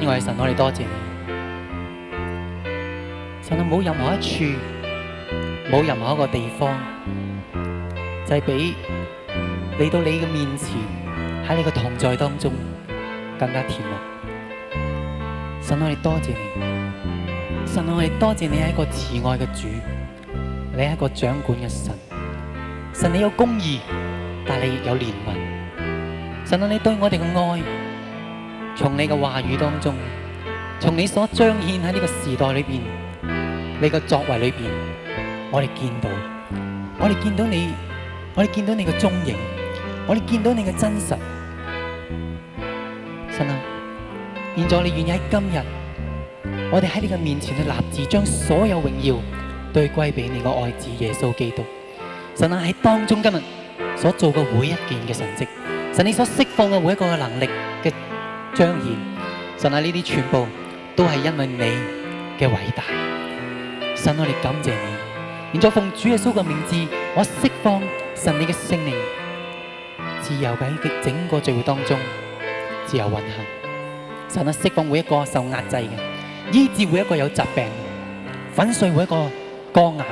因為神，我哋多謝你。神啊，冇任何一處，冇任何一個地方，就係、是、俾你到你嘅面前，喺你嘅同在當中，更加甜蜜。神啊，我哋多謝你。神啊，我哋多謝你係一個慈愛嘅主，你係一個掌管嘅神。神，你有公義，但你亦有憐憫。神啊，你對我哋嘅愛。從你嘅話語當中，從你所彰顯喺呢個時代裏邊，你嘅作為裏邊，我哋見到，我哋見到你，我哋見到你嘅蹤影，我哋見到你嘅真實，神啊！現在你願意喺今日，我哋喺你嘅面前去立志，將所有榮耀對歸俾你嘅愛子耶穌基督，神啊！喺當中今日所做嘅每一件嘅神跡，神你所釋放嘅每一個嘅能力。彰顯，神啊！呢啲全部都係因為你嘅偉大，神啊！我哋感謝你。現在奉主耶穌嘅名字，我釋放神你嘅聖靈，自由喺呢個整個聚會當中自由運行，神啊！釋放每一個受壓制嘅，醫治每一個有疾病嘅，粉碎每一個光硬，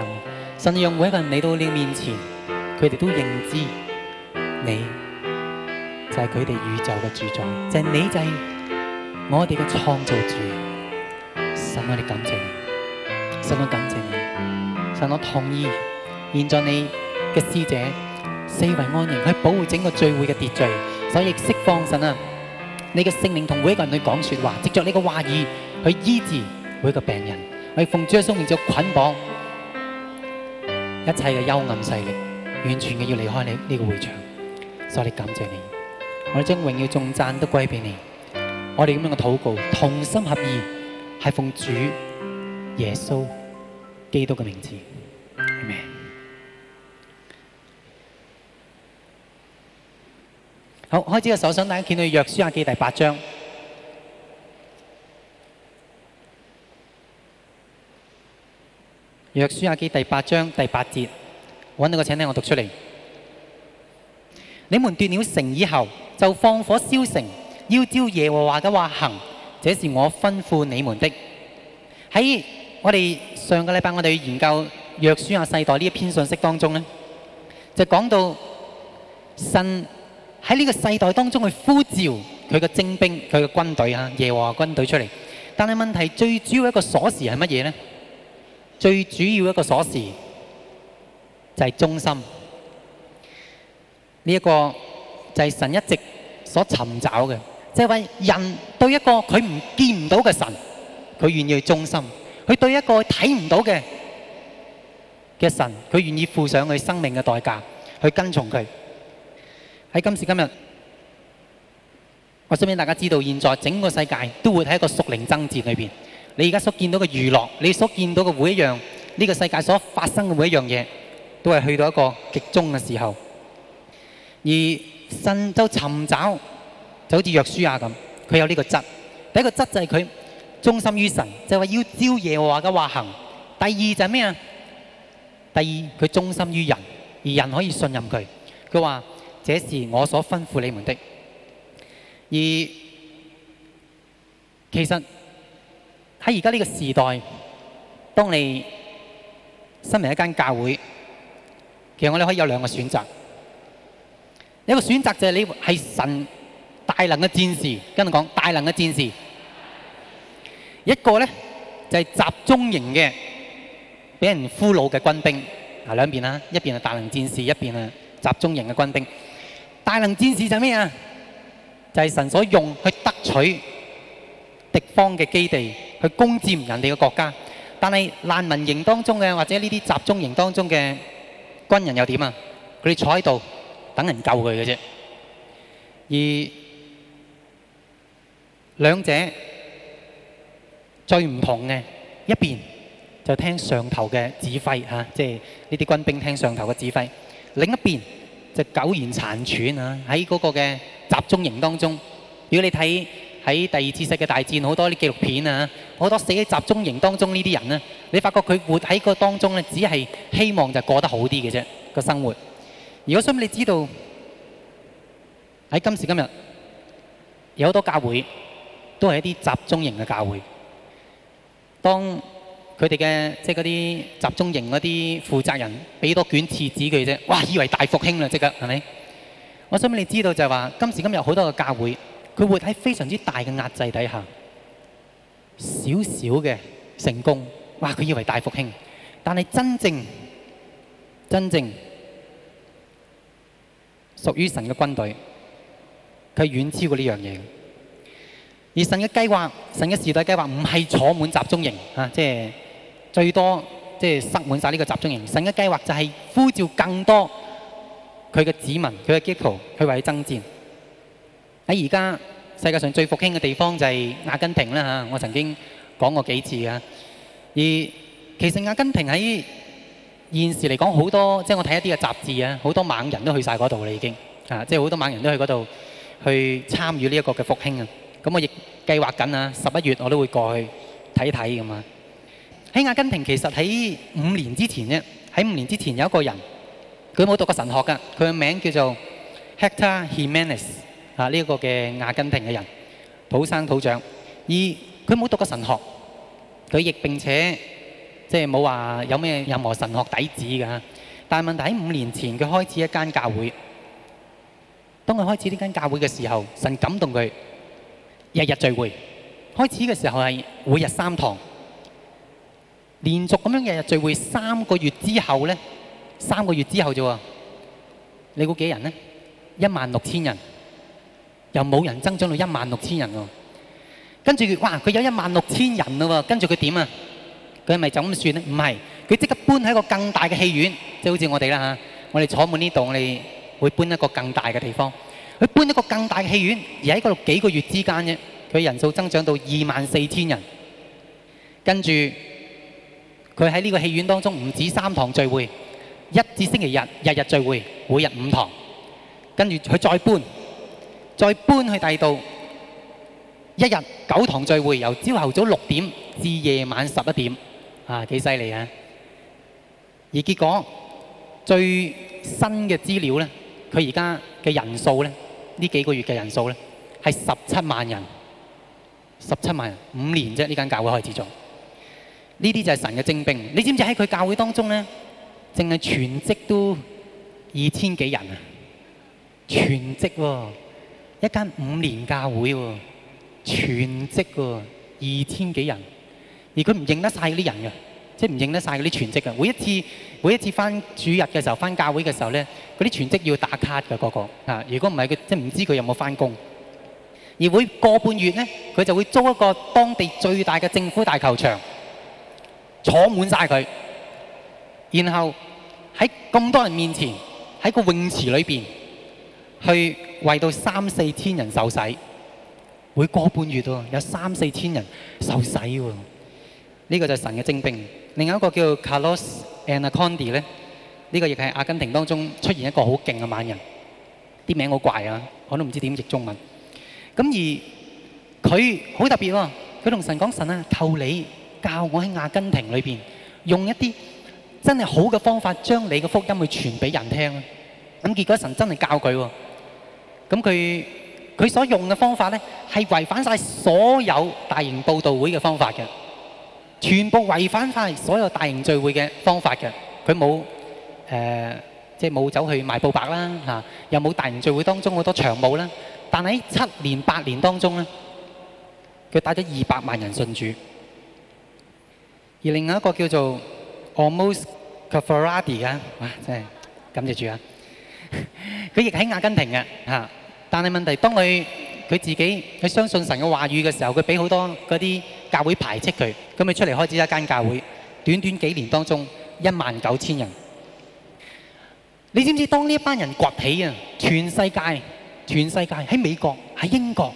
神讓、啊、每一個人嚟到你面前，佢哋都認知你。就係佢哋宇宙嘅主宰，就係、是、你，就係我哋嘅創造主。神，我哋感謝你，神，我感謝你，神我你，神我同意。現在你嘅使者四圍安營，去保護整個聚會嘅秩序，所以釋放神啊！你嘅聖靈同每一個人去講說話，藉著你嘅話語去醫治每一個病人，為奉主嘅聖名，做捆綁，一切嘅幽暗勢力完全嘅要離開你呢個會場。神，我哋感謝你。我將榮耀頌讚都歸俾你。我哋咁樣嘅禱告，同心合意，係奉主耶穌基督嘅名字。Amen. 好，開始嘅時候，想大家見到《約書亞記》第八章，《約書亞記》第八章第八節，揾到個，請聽我讀出嚟。你們奪了城以後，就放火燒城，要照耶和華嘅話行，這是我吩咐你們的。喺我哋上個禮拜，我哋研究約書亞世代呢一篇信息當中咧，就講到神喺呢個世代當中去呼召佢嘅精兵、佢嘅軍隊啊，耶和華軍隊出嚟。但係問題最主要一個鎖匙係乜嘢咧？最主要一個鎖匙就係忠心呢一個，就係神一直所尋找嘅，即係話人對一個佢唔見唔到嘅神，佢願意去忠心；佢對一個睇唔到嘅嘅神，佢願意付上佢生命嘅代價去跟從佢。喺今時今日，我希望大家知道，現在整個世界都會喺一個屬靈爭戰裏邊。你而家所見到嘅娛樂，你所見到嘅每一樣，呢個世界所發生嘅每一樣嘢，都係去到一個極終嘅時候，而。神就尋找，就好似約書亞咁，佢有呢個質。第一個質就係佢忠心於神，就係話要照耶和華嘅話行。第二就係咩啊？第二佢忠心於人，而人可以信任佢。佢話：「這是我所吩咐你們的。」而其實喺而家呢個時代，當你新嚟一間教會，其實我哋可以有兩個選擇。一個選擇就係你係神大能嘅戰士，跟住講大能嘅戰士。一個咧就係集中營嘅俾人俘虜嘅軍兵，啊兩邊啦，一邊係大能戰士，一邊係集中營嘅軍兵。大能戰士就係咩啊？就係神所用去得取敵方嘅基地，去攻佔人哋嘅國家。但係難民營當中嘅或者呢啲集中營當中嘅軍人又點啊？佢哋坐喺度。等人救佢嘅啫，而兩者最唔同嘅一邊就聽上頭嘅指揮吓，即係呢啲軍兵聽上頭嘅指揮；另一邊就苟延殘喘啊，喺嗰個嘅集中營當中。如果你睇喺第二次世界大戰好多啲紀錄片啊，好多死喺集中營當中呢啲人咧，你發覺佢活喺個當中呢，只係希望就過得好啲嘅啫個生活。如果想你知道，喺今時今日有好多教會都係一啲集中營嘅教會。當佢哋嘅即嗰啲集中營嗰啲負責人俾多卷廁紙佢啫，哇！以為大復興啦，即刻係咪？我想你知道就係話，今時今日好多嘅教會，佢活喺非常之大嘅壓制底下，少少嘅成功，哇！佢以為大復興，但係真正真正，真正屬於神嘅軍隊，佢遠超過呢樣嘢。而神嘅計劃，神嘅時代計劃，唔係坐滿集中營，嚇，即係最多，即係塞滿晒呢個集中營。神嘅計劃就係呼召更多佢嘅子民，佢嘅基督徒，佢為佢爭戰。喺而家世界上最復興嘅地方就係阿根廷啦，嚇，我曾經講過幾次啊。而其實阿根廷喺現時嚟講，好多即係我睇一啲嘅雜誌啊，好多猛人都去曬嗰度啦，已經啊，即係好多猛人都去嗰度去參與呢一個嘅復興啊。咁我亦計劃緊啊，十一月我都會過去睇睇咁啊。喺阿根廷其實喺五年之前呢，喺五年之前有一個人，佢冇讀過神學㗎，佢嘅名叫做 Hector Jimenez 啊，呢一個嘅阿根廷嘅人，土生土長，而佢冇讀過神學，佢亦並且。即係冇話有咩任何神學底子㗎，但係問題喺五年前佢開始一間教會。當佢開始呢間教會嘅時候，神感動佢日日聚會。開始嘅時候係每日三堂，連續咁樣日日聚會三個月之後咧，三個月之後啫喎，你估幾人咧？一萬六千人又冇人增長到一萬六千人喎。跟住佢哇，佢有一萬六千人嘞喎，跟住佢點啊？佢係咪就咁算咧？唔係，佢即刻搬喺一個更大嘅戲院，即係好似我哋啦嚇。我哋坐滿呢度，我哋會搬一個更大嘅地方。佢搬一個更大嘅戲院，而喺嗰度幾個月之間啫，佢人數增長到二萬四千人。跟住佢喺呢個戲院當中唔止三堂聚會，一至星期日日日聚會，每日五堂。跟住佢再搬，再搬去第二度，一日九堂聚會，由朝頭早六點至夜晚十一點。啊，幾犀利啊！而結果最新嘅資料咧，佢而家嘅人數咧，呢幾個月嘅人數咧，係十七萬人，十七萬人五年啫，呢間教會開始做。呢啲就係神嘅精兵，你知唔知喺佢教會當中咧，淨係全職都二千幾人啊！全職喎、哦，一間五年教會喎、哦，全職喎、哦，二千幾人。而佢唔認得晒嗰啲人嘅，即係唔認得晒嗰啲全職嘅。每一次，每一次翻主日嘅時候，翻教會嘅時候咧，嗰啲全職要打卡嘅，個個啊！如果唔係，佢即係唔知佢有冇翻工。而每個半月咧，佢就會租一個當地最大嘅政府大球場，坐滿晒佢，然後喺咁多人面前，喺個泳池裏邊，去為到三四千人受洗。每個半月都有三四千人受洗喎。呢個就係神嘅精兵。另一個叫 Carlos Annacondia 咧，呢個亦係阿根廷當中出現一個好勁嘅猛人。啲名好怪啊，我都唔知點譯中文。咁而佢好特別，佢同神講：神啊，求你教我喺阿根廷裏邊用一啲真係好嘅方法，將你嘅福音去傳俾人聽。咁結果神真係教佢喎。咁佢佢所用嘅方法咧，係違反晒所有大型佈道會嘅方法嘅。全部違反返所有大型聚會嘅方法嘅，佢冇誒，即係冇走去賣布白啦，嚇，又冇大型聚會當中好多長舞啦。但喺七年八年當中咧，佢帶咗二百萬人信主。而另一個叫做 Almost Cafuradi 嘅，哇，真係感謝主啊！佢亦喺阿根廷嘅嚇，但係問題當佢佢自己去相信神嘅話語嘅時候，佢俾好多嗰啲。教會排斥佢，咁佢出嚟開始一間教會，短短幾年當中一萬九千人。你知唔知？當呢一班人崛起啊，全世界、全世界喺美國、喺英國、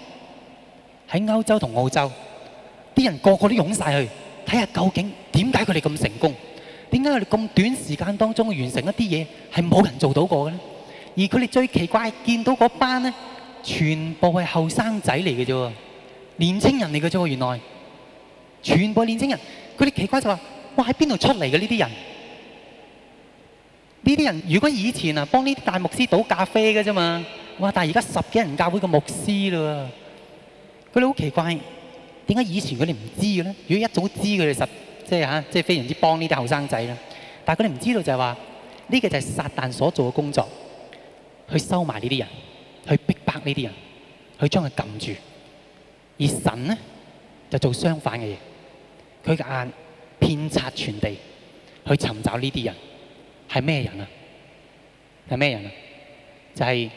喺歐洲同澳洲啲人個個都湧晒去睇下，看看究竟點解佢哋咁成功？點解佢哋咁短時間當中完成一啲嘢係冇人做到過嘅咧？而佢哋最奇怪見到嗰班呢，全部係後生仔嚟嘅啫，年青人嚟嘅啫。原來。全部年青人，佢哋奇怪就話，哇，喺邊度出嚟嘅呢啲人？呢啲人如果以前啊，幫呢啲大牧師倒咖啡嘅啫嘛，但係而家十幾人教會嘅牧師嘞喎，佢哋好奇怪，點解以前佢哋唔知嘅呢？如果一早知佢哋實，即係非常之幫呢啲後生仔，但係佢哋唔知道就係話，呢、這個就係撒旦所做嘅工作，去收埋呢啲人，去逼迫呢啲人，去將佢撳住。而神呢就做相反嘅嘢。佢嘅眼遍察全地，去尋找呢啲人係咩人啊？係咩人啊？就係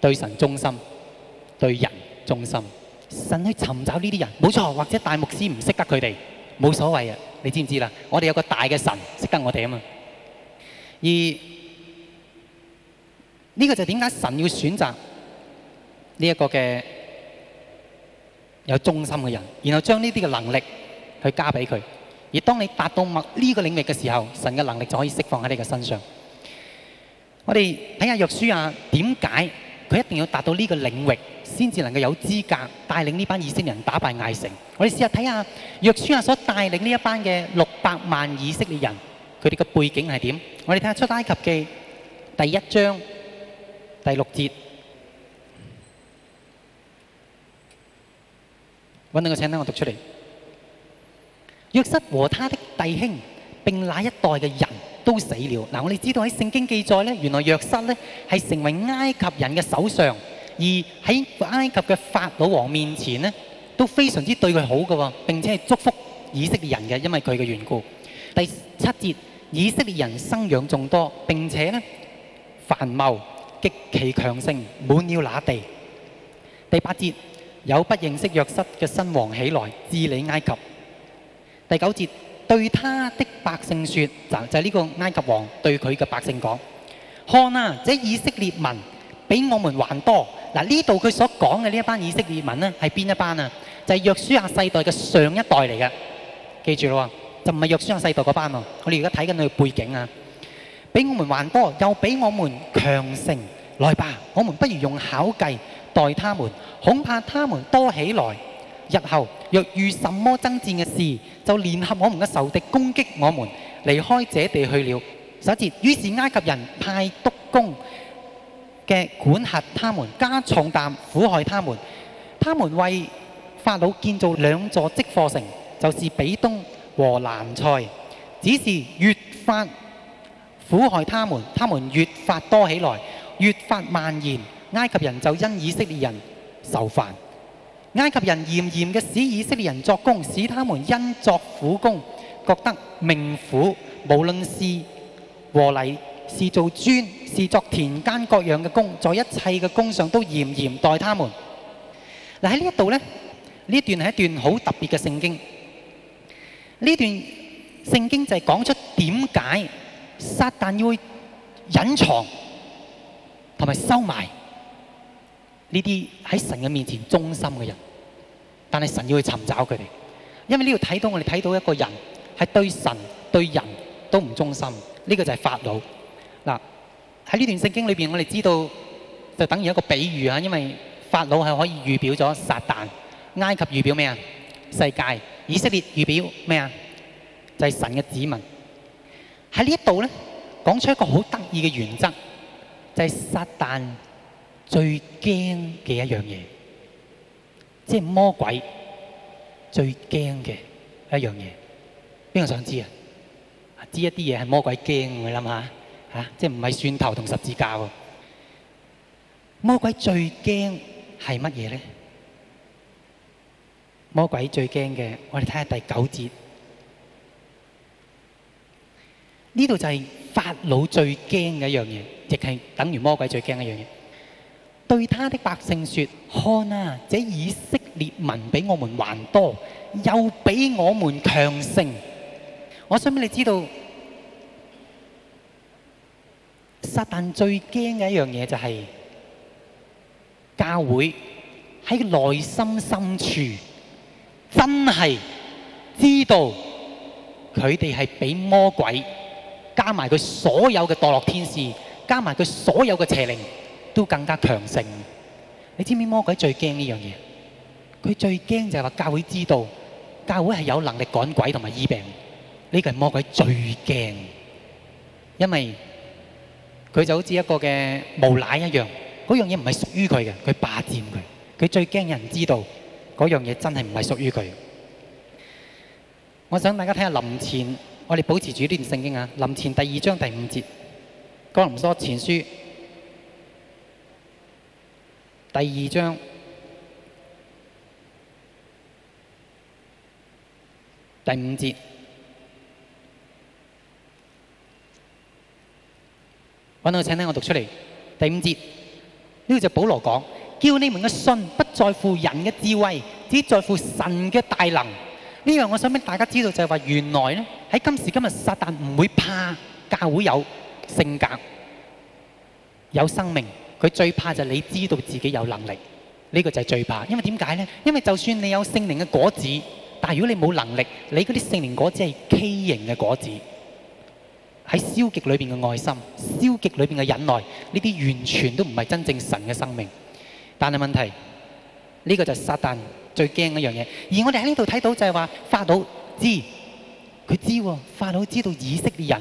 對神忠心，對人忠心。神去尋找呢啲人，冇錯，或者大牧師唔識得佢哋，冇所謂啊！你知唔知啦？我哋有個大嘅神識得我哋啊嘛。而呢個就點解神要選擇呢一個嘅有忠心嘅人，然後將呢啲嘅能力？去加俾佢，而當你達到默呢個領域嘅時候，神嘅能力就可以釋放喺你嘅身上。我哋睇下約書亞點解佢一定要達到呢個領域，先至能夠有資格帶領呢班以色列人打敗艾城。我哋試下睇下約書亞所帶領呢一班嘅六百萬以色列人，佢哋嘅背景係點？我哋睇下出埃及記第一章第六節，搵到個，請等，我讀出嚟。約瑟和他的弟兄，並那一代嘅人都死了。嗱，我哋知道喺聖經記載咧，原來約瑟咧係成為埃及人嘅首相，而喺埃及嘅法老王面前呢都非常之對佢好嘅，並且係祝福以色列人嘅，因為佢嘅緣故。第七節，以色列人生養眾多，並且呢繁茂，極其強盛，滿了那地。第八節，有不認識約瑟嘅新王起來治理埃及。第九節對他的百姓説，就就係呢個埃及王對佢嘅百姓講：看啊，這以色列民比我們還多。嗱，呢度佢所講嘅呢一班以色列民呢，係邊一班啊？就係約書亞世代嘅上一代嚟嘅，記住咯，就唔係約書亞世代嗰班喎。我哋而家睇緊佢背景啊，比我們還多，又比我們強盛，來吧，我們不如用巧計待他們，恐怕他們多起來，日後若遇什麼爭戰嘅事，就聯合我們嘅仇敵攻擊我們，離開這地去了。首節，於是埃及人派督工嘅管轄他們，加重擔苦害他們。他們為法老建造兩座積貨城，就是比東和蘭塞。只是越發苦害他們，他們越發多起來，越發蔓延。埃及人就因以色列人受煩。埃及人嚴嚴嘅使以色列人作工，使他們因作苦工覺得命苦。無論是和泥，是做磚，是作田間各樣嘅工，在一切嘅工上都嚴嚴待他們。嗱，喺呢一度咧，呢段係一段好特別嘅聖經。呢段聖經就係講出點解撒但要隱藏同埋收埋。呢啲喺神嘅面前忠心嘅人，但係神要去尋找佢哋，因為呢度睇到我哋睇到一個人係對神對人都唔忠心，呢個就係法老。嗱喺呢段聖經裏邊，我哋知道就等於一個比喻啊，因為法老係可以預表咗撒旦，埃及預表咩啊？世界，以色列預表咩啊？就係、是、神嘅子民。喺呢一度咧，講出一個好得意嘅原則，就係、是、撒旦。最驚嘅一樣嘢，即魔係魔鬼最驚嘅一樣嘢。邊個想知啊？知一啲嘢係魔鬼驚嘅啦嘛嚇，嚇即唔係蒜頭同十字架喎？魔鬼最驚係乜嘢呢？魔鬼最驚嘅，我哋睇下第九節。呢度就係法老最驚嘅一樣嘢，亦係等於魔鬼最驚嘅一樣嘢。對他的百姓說：看啊，這以色列民比我們還多，又比我們強盛。我想俾你知道，撒旦最驚嘅一樣嘢就係、是、教會喺內心深處真係知道佢哋係俾魔鬼加埋佢所有嘅墮落天使，加埋佢所有嘅邪靈。都更加強盛，你知唔知魔鬼最驚呢樣嘢？佢最驚就係話教會知道，教會係有能力趕鬼同埋醫病，呢個係魔鬼最驚，因為佢就好似一個嘅無賴一樣，嗰樣嘢唔係屬於佢嘅，佢霸佔佢，佢最驚人知道嗰樣嘢真係唔係屬於佢。我想大家睇下林前，我哋保持住呢段聖經啊，林前第二章第五節，哥林多前書。第二章第五節，揾到請聽我讀出嚟。第五節呢個就是保羅講，叫你們嘅信不在乎人嘅智慧，只在乎神嘅大能。呢個我想俾大家知道就係話，原來咧喺今時今日，撒旦唔會怕教會有性格，有生命。佢最怕就係你知道自己有能力，呢個就係最怕。因為點解咧？因為就算你有聖靈嘅果子，但係如果你冇能力，你嗰啲聖靈果子係畸形嘅果子。喺消極裏面嘅愛心、消極裏面嘅忍耐，呢啲完全都唔係真正神嘅生命。但係問題，呢個就係撒旦最驚一樣嘢。而我哋喺呢度睇到就係話，法老知，佢知喎。法老知道以色列人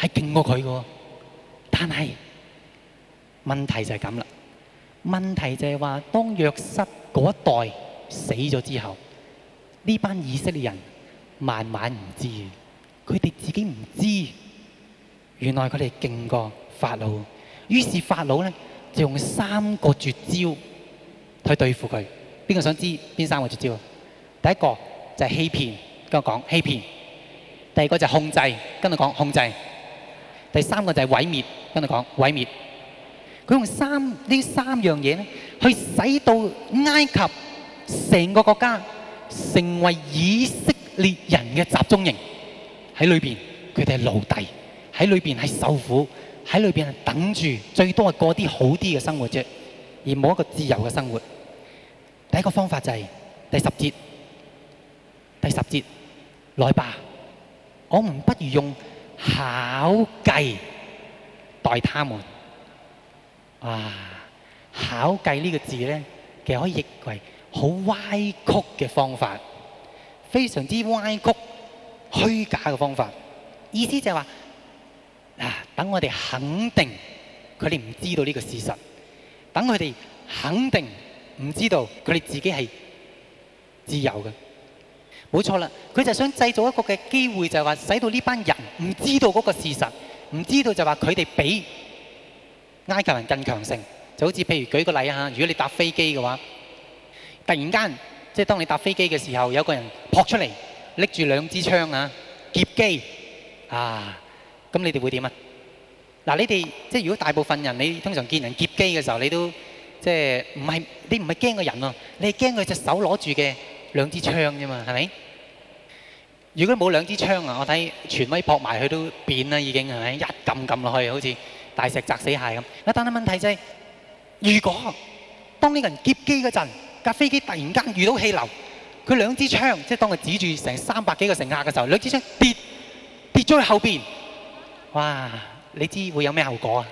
係勁過佢嘅，但係，問題就係咁啦。問題就係話，當約瑟嗰一代死咗之後，呢班以色列人慢慢唔知，佢哋自己唔知，原來佢哋勁過法老。於是法老咧就用三個絕招去對付佢。邊個想知邊三個絕招？第一個就係欺騙，跟我講欺騙；第二個就係控制，跟我講控制；第三個就係毀滅，跟我講毀滅。佢用三呢三樣嘢咧，去使到埃及成個國家成為以色列人嘅集中營。喺裏邊，佢哋係奴隸；喺裏邊係受苦；喺裏邊係等住，最多係過啲好啲嘅生活啫，而冇一個自由嘅生活。第一個方法就係第十節，第十節來吧，我唔不如用巧計待他們。哇、啊！考計呢個字咧，其實可以譯為好歪曲嘅方法，非常之歪曲、虛假嘅方法。意思就係、是、話，啊，等我哋肯定佢哋唔知道呢個事實，等佢哋肯定唔知道佢哋自己係自由嘅。冇錯啦，佢就想製造一個嘅機會，就係話使到呢班人唔知道嗰個事實，唔知道就話佢哋俾埃及人更強盛，就好似譬如舉個例啊，如果你搭飛機嘅話，突然間即係當你搭飛機嘅時候，有個人撲出嚟拎住兩支槍啊劫機啊，咁你哋會點啊？嗱，你哋即係如果大部分人你通常見人劫機嘅時候，你都即係唔係你唔係驚個人啊，你係驚佢隻手攞住嘅兩支槍啫嘛，係咪？如果冇兩支槍啊，我睇全威撲埋佢都變啦，已經係咪一撳撳落去好似？大石砸死蟹咁，嗱，但係問題就係，如果當呢個人劫機嗰陣架飛機突然間遇到氣流，佢兩支槍，即係當佢指住成三百幾個乘客嘅時候，兩支槍跌跌咗去後邊，哇！你知會有咩後果啊？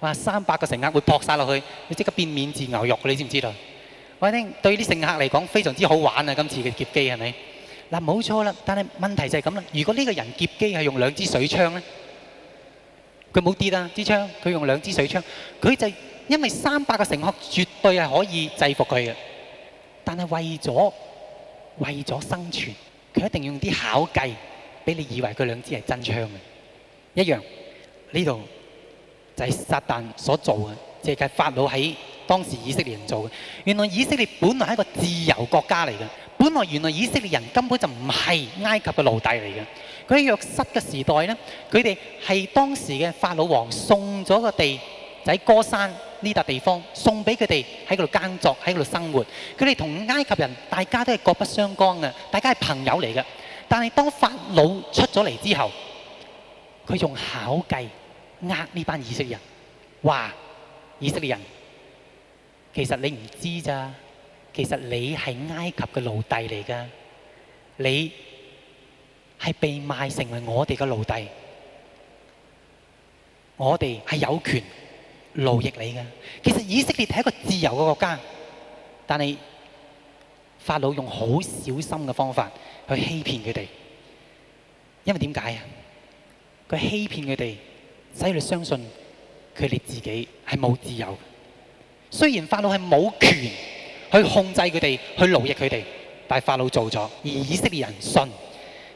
哇！三百個乘客會撲曬落去，你即刻變免治牛肉，你知唔知道？我，聽對啲乘客嚟講非常之好玩啊！今次嘅劫機係咪？嗱，冇錯啦，但係問題就係咁啦。如果呢個人劫機係用兩支水槍咧？佢冇跌啦，支槍，佢用兩支水槍，佢就因為三百個乘客絕對係可以制服佢嘅，但係為咗為咗生存，佢一定用啲巧計，俾你以為佢兩支係真槍嘅，一樣，呢度就係撒旦所做嘅，即係法老喺當時以色列人做嘅。原來以色列本來係一個自由國家嚟嘅，本來原來以色列人根本就唔係埃及嘅奴隸嚟嘅。喺約瑟嘅時代咧，佢哋係當時嘅法老王送咗個地，就喺歌山呢笪地方，送俾佢哋喺嗰度耕作，喺嗰度生活。佢哋同埃及人大家都係各不相干嘅，大家係朋友嚟嘅。但係當法老出咗嚟之後，佢用巧計呃呢班以色列人，嘩，以色列人其實你唔知咋，其實你係埃及嘅奴隸嚟噶，你。係被賣成為我哋嘅奴隸，我哋係有權奴役你嘅。其實以色列係一個自由嘅國家，但係法老用好小心嘅方法去欺騙佢哋，因為點解啊？佢欺騙佢哋，使佢哋相信佢哋自己係冇自由。雖然法老係冇權去控制佢哋，去奴役佢哋，但係法老做咗，而以色列人信。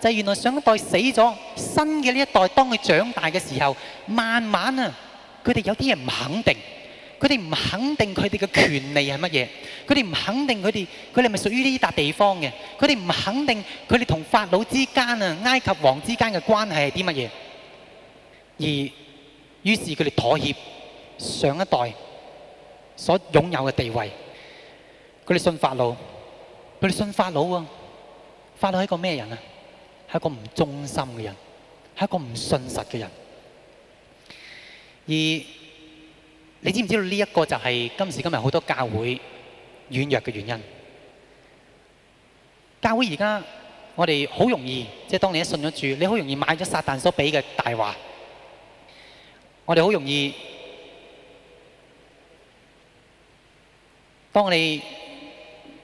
就係原來上一代死咗，新嘅呢一代當佢長大嘅時候，慢慢啊，佢哋有啲人唔肯定，佢哋唔肯定佢哋嘅權利係乜嘢，佢哋唔肯定佢哋，佢哋咪屬於呢笪地方嘅，佢哋唔肯定佢哋同法老之間啊，埃及王之間嘅關係係啲乜嘢，而於是佢哋妥協上一代所擁有嘅地位，佢哋信法老，佢哋信法老啊，法老係個咩人啊？係一個唔忠心嘅人，係一個唔信實嘅人。而你知唔知道呢一個就係今時今日好多教會軟弱嘅原因？教會而家我哋好容易，即係當你一信咗主，你好容易買咗撒旦所俾嘅大話。我哋好容易，當你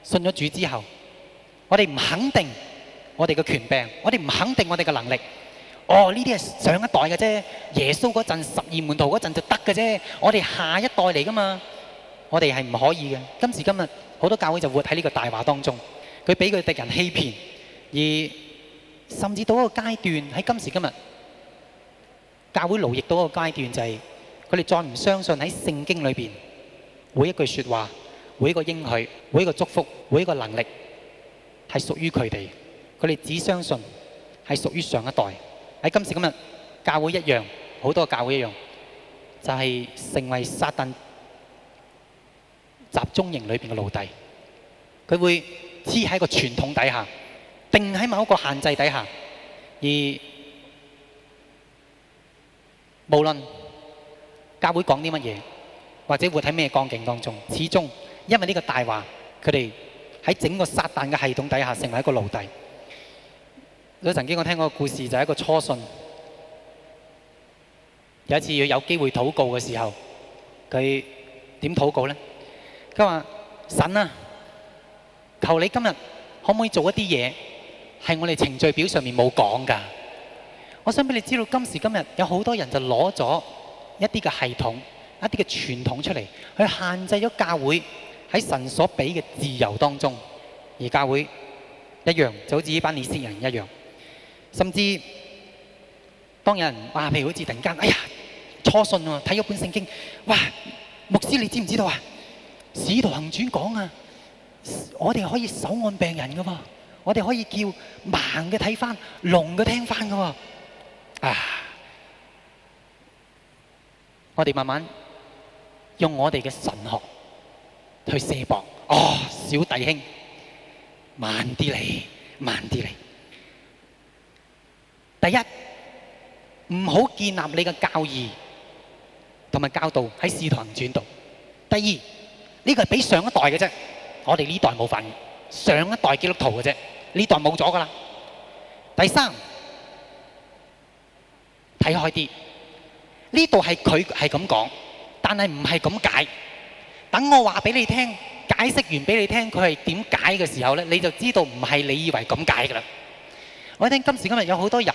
信咗主之後，我哋唔肯定。我哋嘅權柄，我哋唔肯定我哋嘅能力。哦，呢啲係上一代嘅啫。耶穌嗰陣、十二門徒嗰陣就得嘅啫。我哋下一代嚟㗎嘛？我哋係唔可以嘅。今時今日好多教會就活喺呢個大話當中，佢俾佢敵人欺騙，而甚至到一個階段喺今時今日，教會奴役到一個階段就係佢哋再唔相信喺聖經裏邊每一句說話、每一個應許、每一個祝福、每一個能力係屬於佢哋。佢哋只相信係屬於上一代，喺今時今日教會一樣，好多教會一樣就係成為撒旦集中營裏邊嘅奴隸。佢會黐喺個傳統底下，定喺某一個限制底下，而無論教會講啲乜嘢，或者活喺咩光景當中，始終因為呢個大話，佢哋喺整個撒旦嘅系統底下成為一個奴隸。所以曾經我聽過個故事，就係一個初信。有一次要有機會禱告嘅時候，佢點禱告呢？佢話：神啊，求你今日可唔可以做一啲嘢，係我哋程序表上面冇講㗎？我想俾你知道，今時今日有好多人就攞咗一啲嘅系統、一啲嘅傳統出嚟，去限制咗教會喺神所俾嘅自由當中，而教會一樣就好似呢班以色列人一樣。甚至，當有人哇，譬如好似突然間，哎呀，初信喎，睇咗本聖經，哇，牧師你知唔知道啊？使徒行傳講啊，我哋可以手按病人噶噃，我哋可以叫盲嘅睇翻，聾嘅聽翻噶喎。啊，我哋慢慢用我哋嘅神學去削薄。哦，小弟兄，慢啲嚟，慢啲嚟。第一，唔好建立你嘅教義同埋教導喺視堂轉度。第二，呢個係俾上一代嘅啫，我哋呢代冇份，上一代基督徒嘅啫，呢代冇咗噶啦。第三，睇開啲，呢度係佢係咁講，但係唔係咁解。等我話俾你聽，解釋完俾你聽，佢係點解嘅時候咧，你就知道唔係你以為咁解噶啦。我聽今時今日有好多人，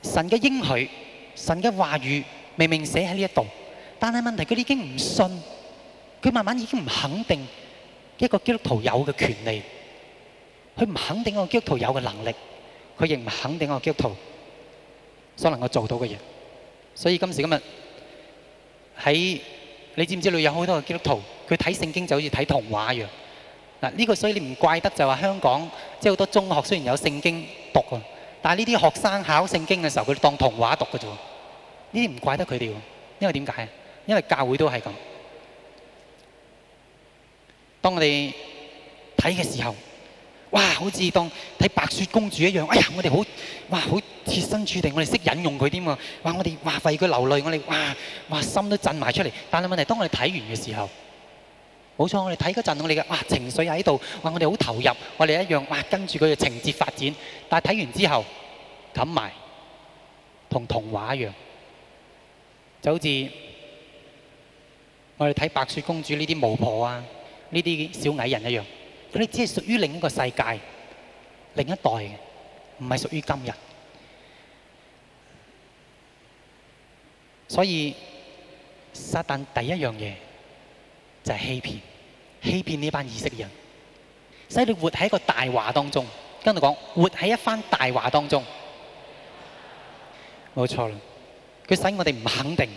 神嘅應許、神嘅話語明明寫喺呢一度，但係問題佢哋已經唔信，佢慢慢已經唔肯定一個基督徒有嘅權利，佢唔肯定一個基督徒有嘅能力，佢亦唔肯定一個基督徒所能夠做到嘅嘢，所以今時今日喺你知唔知？裏有好多嘅基督徒，佢睇聖經就好似睇童話一樣。呢、這個所以你唔怪不得，就話香港即好多中學雖然有聖經讀，但係呢啲學生考聖經嘅時候，佢當童話讀嘅啫。呢啲唔怪得佢哋喎，因為點解？因為教會都係樣。當我哋睇嘅時候，哇，好像當睇白雪公主一樣。哎呀，我哋好哇，好切身處地，我哋識引用佢添哇，我哋話為佢流淚，我哋哇，哇，哇心都震埋出嚟。但係問題是，當我哋睇完嘅時候。冇錯，我哋睇嗰陣，我哋嘅哇情緒喺度，哇我哋好投入，我哋一樣哇跟住佢嘅情節發展。但係睇完之後，冚埋，同童話一樣，就好似我哋睇白雪公主呢啲巫婆啊，呢啲小矮人一樣。佢哋只係屬於另一個世界、另一代嘅，唔係屬於今日。所以撒旦第一樣嘢。就係欺騙，欺騙呢班以色列人，使你活喺一個大話當中，跟住講活喺一番大話當中，冇錯啦。佢使我哋唔肯定，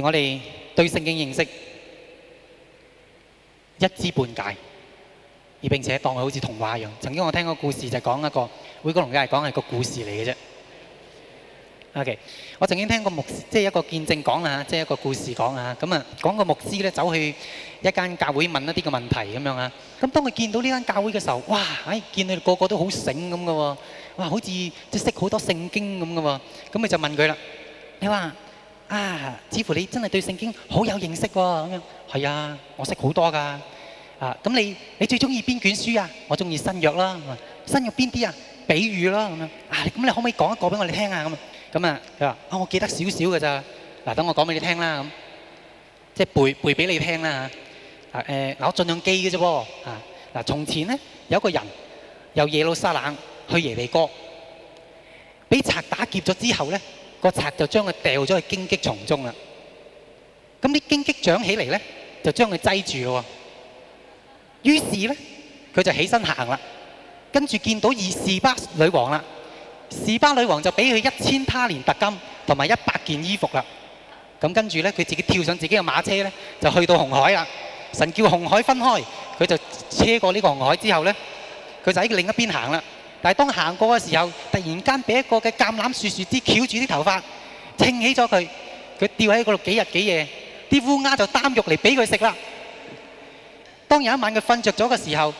而我哋對聖經認識一知半解，而並且當佢好似童話一樣。曾經我聽過故事就講一個，每個同教人講係個故事嚟嘅啫。O.K.，我曾經聽過牧師，即係一個見證講啊，即係一個故事講啊。咁啊，講個牧師咧走去一間教會問一啲個問題咁樣啊。咁當佢見到呢間教會嘅時候，哇！唉，見佢哋個個都好醒咁嘅喎，哇！好似即係識好多聖經咁嘅喎。咁咪就問佢啦。你話啊，似乎你真係對聖經好有認識喎。咁樣。係啊，我識好多㗎啊。咁你你最中意邊卷書啊？我中意新約啦。新約邊啲啊？比喻啦咁樣啊。咁你可唔可以講一個俾我哋聽啊？咁啊？咁啊，佢話：啊，我記得少少嘅咋，嗱，等我講俾你聽啦，咁，即係背背俾你聽啦嚇。啊誒，嗱，我盡量記嘅啫喎。啊，嗱，從前咧有個人由耶路撒冷去耶利哥，俾賊打劫咗之後咧，個賊就將佢掉咗去荊棘叢中啦。咁啲荊棘長起嚟咧，就將佢擠住喎。於是咧，佢就起身行啦，跟住見到示巴女王啦。士巴女王就俾佢一千他連得金同埋一百件衣服啦。咁跟住咧，佢自己跳上自己嘅馬車咧，就去到紅海啦。神叫紅海分開，佢就車過呢個紅海之後咧，佢就喺另一邊行啦。但係當行過嘅時候，突然間俾一個嘅橄欖樹樹枝翹住啲頭髮，稱起咗佢。佢吊喺嗰度幾日幾夜，啲烏鴉就擔肉嚟俾佢食啦。當有一晚佢瞓着咗嘅時候，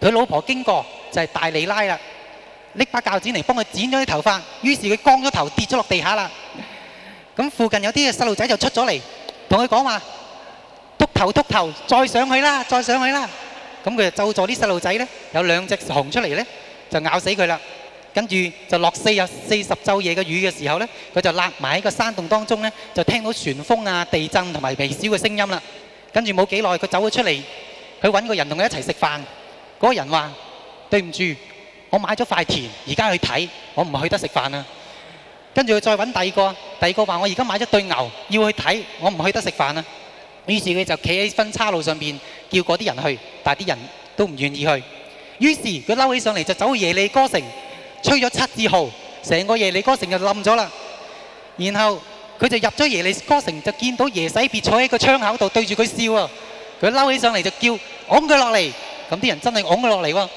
佢老婆經過就係大利拉啦。拎把鉸剪嚟幫佢剪咗啲頭髮，於是佢光咗頭跌咗落地下啦。咁附近有啲細路仔就出咗嚟，同佢講話：禿頭禿頭，再上去啦，再上去啦！咁佢就咒詛啲細路仔咧，有兩隻熊出嚟咧，就咬死佢啦。跟住就落四十四十晝夜嘅雨嘅時候咧，佢就躂埋喺個山洞當中咧，就聽到旋風啊、地震同埋微小嘅聲音啦。跟住冇幾耐，佢走咗出嚟，佢揾個人同佢一齊食飯。嗰、那個人話：對唔住。我買咗塊田，而家去睇，我唔去得食飯啊。跟住佢再揾第二個，第二個話我而家買咗對牛，要去睇，我唔去得食飯啊。於是佢就企喺分叉路上邊，叫嗰啲人去，但係啲人都唔願意去。於是佢嬲起上嚟，就走去耶利哥城，吹咗七支號，成個耶利哥城就冧咗啦。然後佢就入咗耶利哥城，就見到耶洗別坐喺個窗口度對住佢笑啊。佢嬲起上嚟就叫，攬佢落嚟。咁啲人真係攬佢落嚟喎。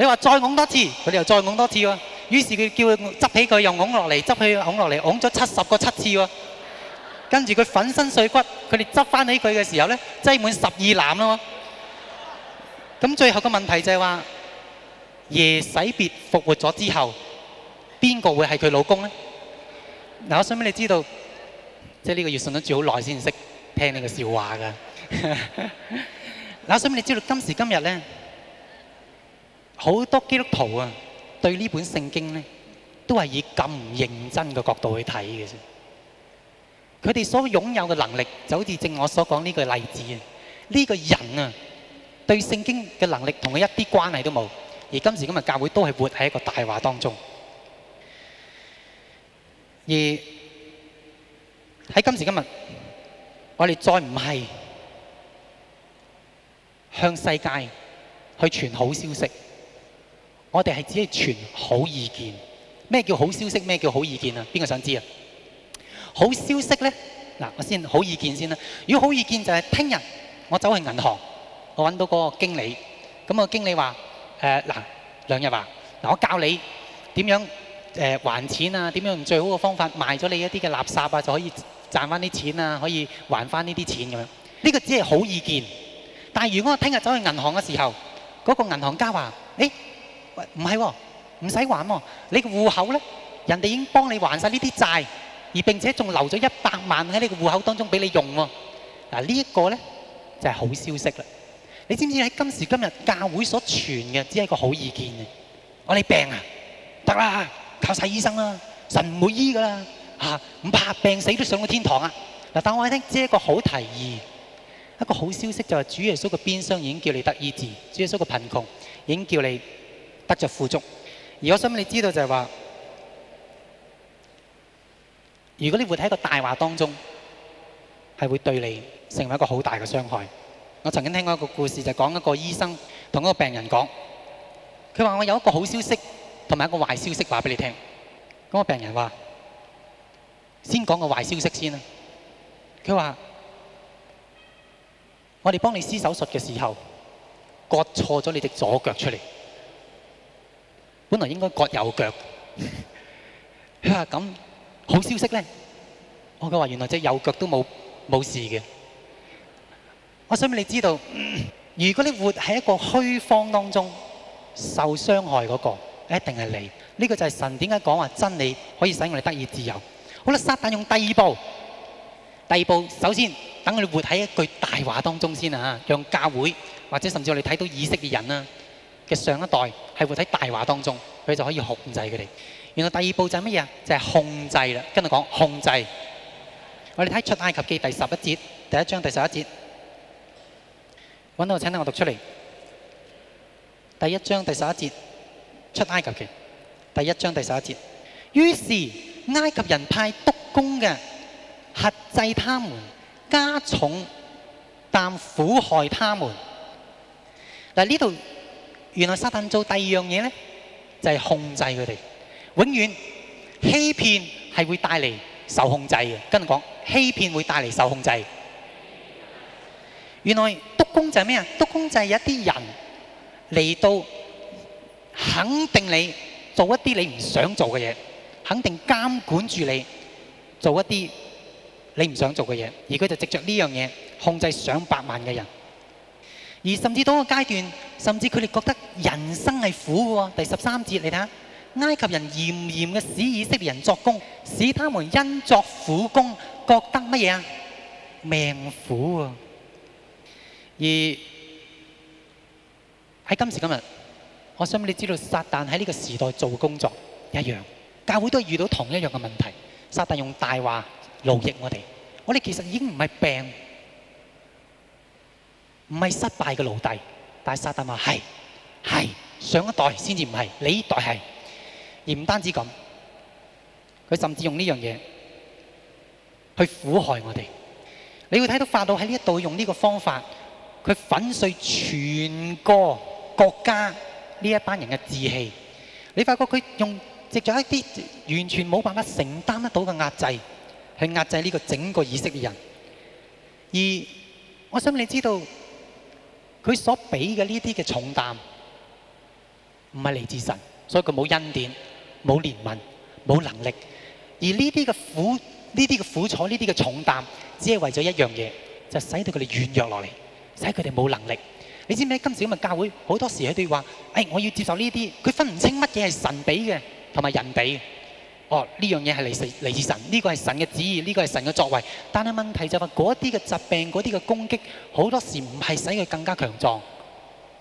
你話再拱多次，佢哋又再拱多次喎。於是佢叫佢執起佢，又拱落嚟，執起佢拱落嚟，拱咗七十個七次喎。跟住佢粉身碎骨，佢哋執翻起佢嘅時候呢，擠滿十二籃啦喎。咁最後個問題就係話，耶洗別復活咗之後，邊個會係佢老公呢？嗱，我想畀你知道，即係呢個要信咗住好耐先識聽呢個笑話㗎。嗱，我想畀你知道今時今日呢。好多基督徒啊，對呢本聖經咧，都係以咁唔認真嘅角度去睇嘅啫。佢哋所擁有嘅能力，就好似正我所講呢個例子啊。呢個人啊，對聖經嘅能力同佢一啲關係都冇。而今時今日教會都係活喺一個大話當中。而喺今時今日，我哋再唔係向世界去傳好消息。我哋係只係傳好意見。咩叫好消息？咩叫好意見啊？邊個想知啊？好消息咧嗱，我先好意見先啦。如果好意見就係聽日我走去銀行，我揾到嗰個經理咁啊。嗰個、經理話誒，嗱兩日話嗱，我教你點樣誒、呃、還錢啊？點樣用最好嘅方法賣咗你一啲嘅垃圾啊，就可以賺翻啲錢啊，可以還翻呢啲錢咁、啊、樣。呢、呢個只係好意見，但係如果我聽日走去銀行嘅時候，嗰、嗰個銀行家話誒。哎喂、哦，唔係唔使還喎、哦。你個戶口咧，人哋已經幫你還晒呢啲債，而並且仲留咗一百萬喺你個戶口當中俾你用喎、哦。嗱、這個，呢一個咧就係、是、好消息啦。你知唔知喺今時今日教會所傳嘅只係一個好意見的你的啊？我哋病啊，得啦，靠晒醫生啦，神唔會醫噶啦嚇，唔怕病死都上到天堂啊！嗱，但我話你聽，只係一個好提議，一個好消息就係主耶穌嘅鞭傷已經叫你得醫治，主耶穌嘅貧窮已經叫你。得着富足，而我想你知道就係話，如果你活喺個大話當中，係會對你成為一個好大嘅傷害。我曾經聽過一個故事，就講一個醫生同一個病人講，佢話：“我有一個好消息同埋一個壞消息話俾你聽咁。嗰個病人話：“先講個壞消息先啦。佢話：“我哋幫你施手術嘅時候，割錯咗你隻左腳出嚟。本來應該割右腳，佢話咁好消息咧？我佢話原來隻右腳都冇冇事嘅。我想畀你知道，如果你活喺一個虛荒當中受傷害嗰個，一定係你。呢個就係神點解講話真理可以使我哋得以自由。好啦，撒但用第二步，第二步首先等我哋活喺一句大話當中先啊，讓教會或者甚至我哋睇到意識嘅人啦。嘅上一代係活喺大話當中，佢就可以控制佢哋。原來第二步就係乜嘢？就係控制啦，跟住講控制。我哋睇出埃及記第十一節第一章第十一節，揾到請等我讀出嚟。第一章第十一節出埃及記第一章第十一節。於是埃及人派督工嘅轄制他們，加重擔苦害他們。嗱呢度。原來撒但做第二樣嘢咧，就係控制佢哋。永遠欺騙係會帶嚟受控制嘅。跟住講欺騙會帶嚟受控制。原來督工就係咩啊？督工就係有一啲人嚟到肯定你做一啲你唔想做嘅嘢，肯定監管住你做一啲你唔想做嘅嘢，而佢就藉著呢樣嘢控制上百萬嘅人。而甚至到個階段，甚至佢哋覺得人生係苦嘅喎。第十三節，你睇下，埃及人嚴嚴嘅使以色列人作工，使他們因作苦工覺得乜嘢啊？命苦喎。而喺今時今日，我想你知道撒旦喺呢個時代做工作一樣，教會都遇到同一樣嘅問題。撒旦用大話奴役我哋，嗯，我哋其實已經唔係病。唔係失敗嘅奴隸，但係撒旦話係係上一代先至唔係，你呢代係，而唔單止咁，佢甚至用呢樣嘢去苦害我哋。你會睇到法老喺呢一度用呢個方法，佢粉碎全個國家呢一班人嘅志氣。你發覺佢用藉咗一啲完全冇辦法承擔得到嘅壓制，去壓制呢個整個意識嘅人。而我想你知道。佢所俾嘅呢啲嘅重擔，唔係嚟自神，所以佢冇恩典，冇憐憫，冇能力。而呢啲嘅苦，呢啲嘅苦楚，呢啲嘅重擔，只係為咗一樣嘢，就是，使到佢哋軟弱落嚟，使佢哋冇能力。你知唔知今時今日教會好多時佢哋話，誒、哎，我要接受呢啲，佢分唔清乜嘢係神俾嘅，同埋人俾嘅。哦，呢樣嘢係嚟自嚟自神，呢個係神嘅旨意，呢個係神嘅作為。但係問題就係嗰啲嘅疾病，嗰啲嘅攻擊，好多時唔係使佢更加強壯，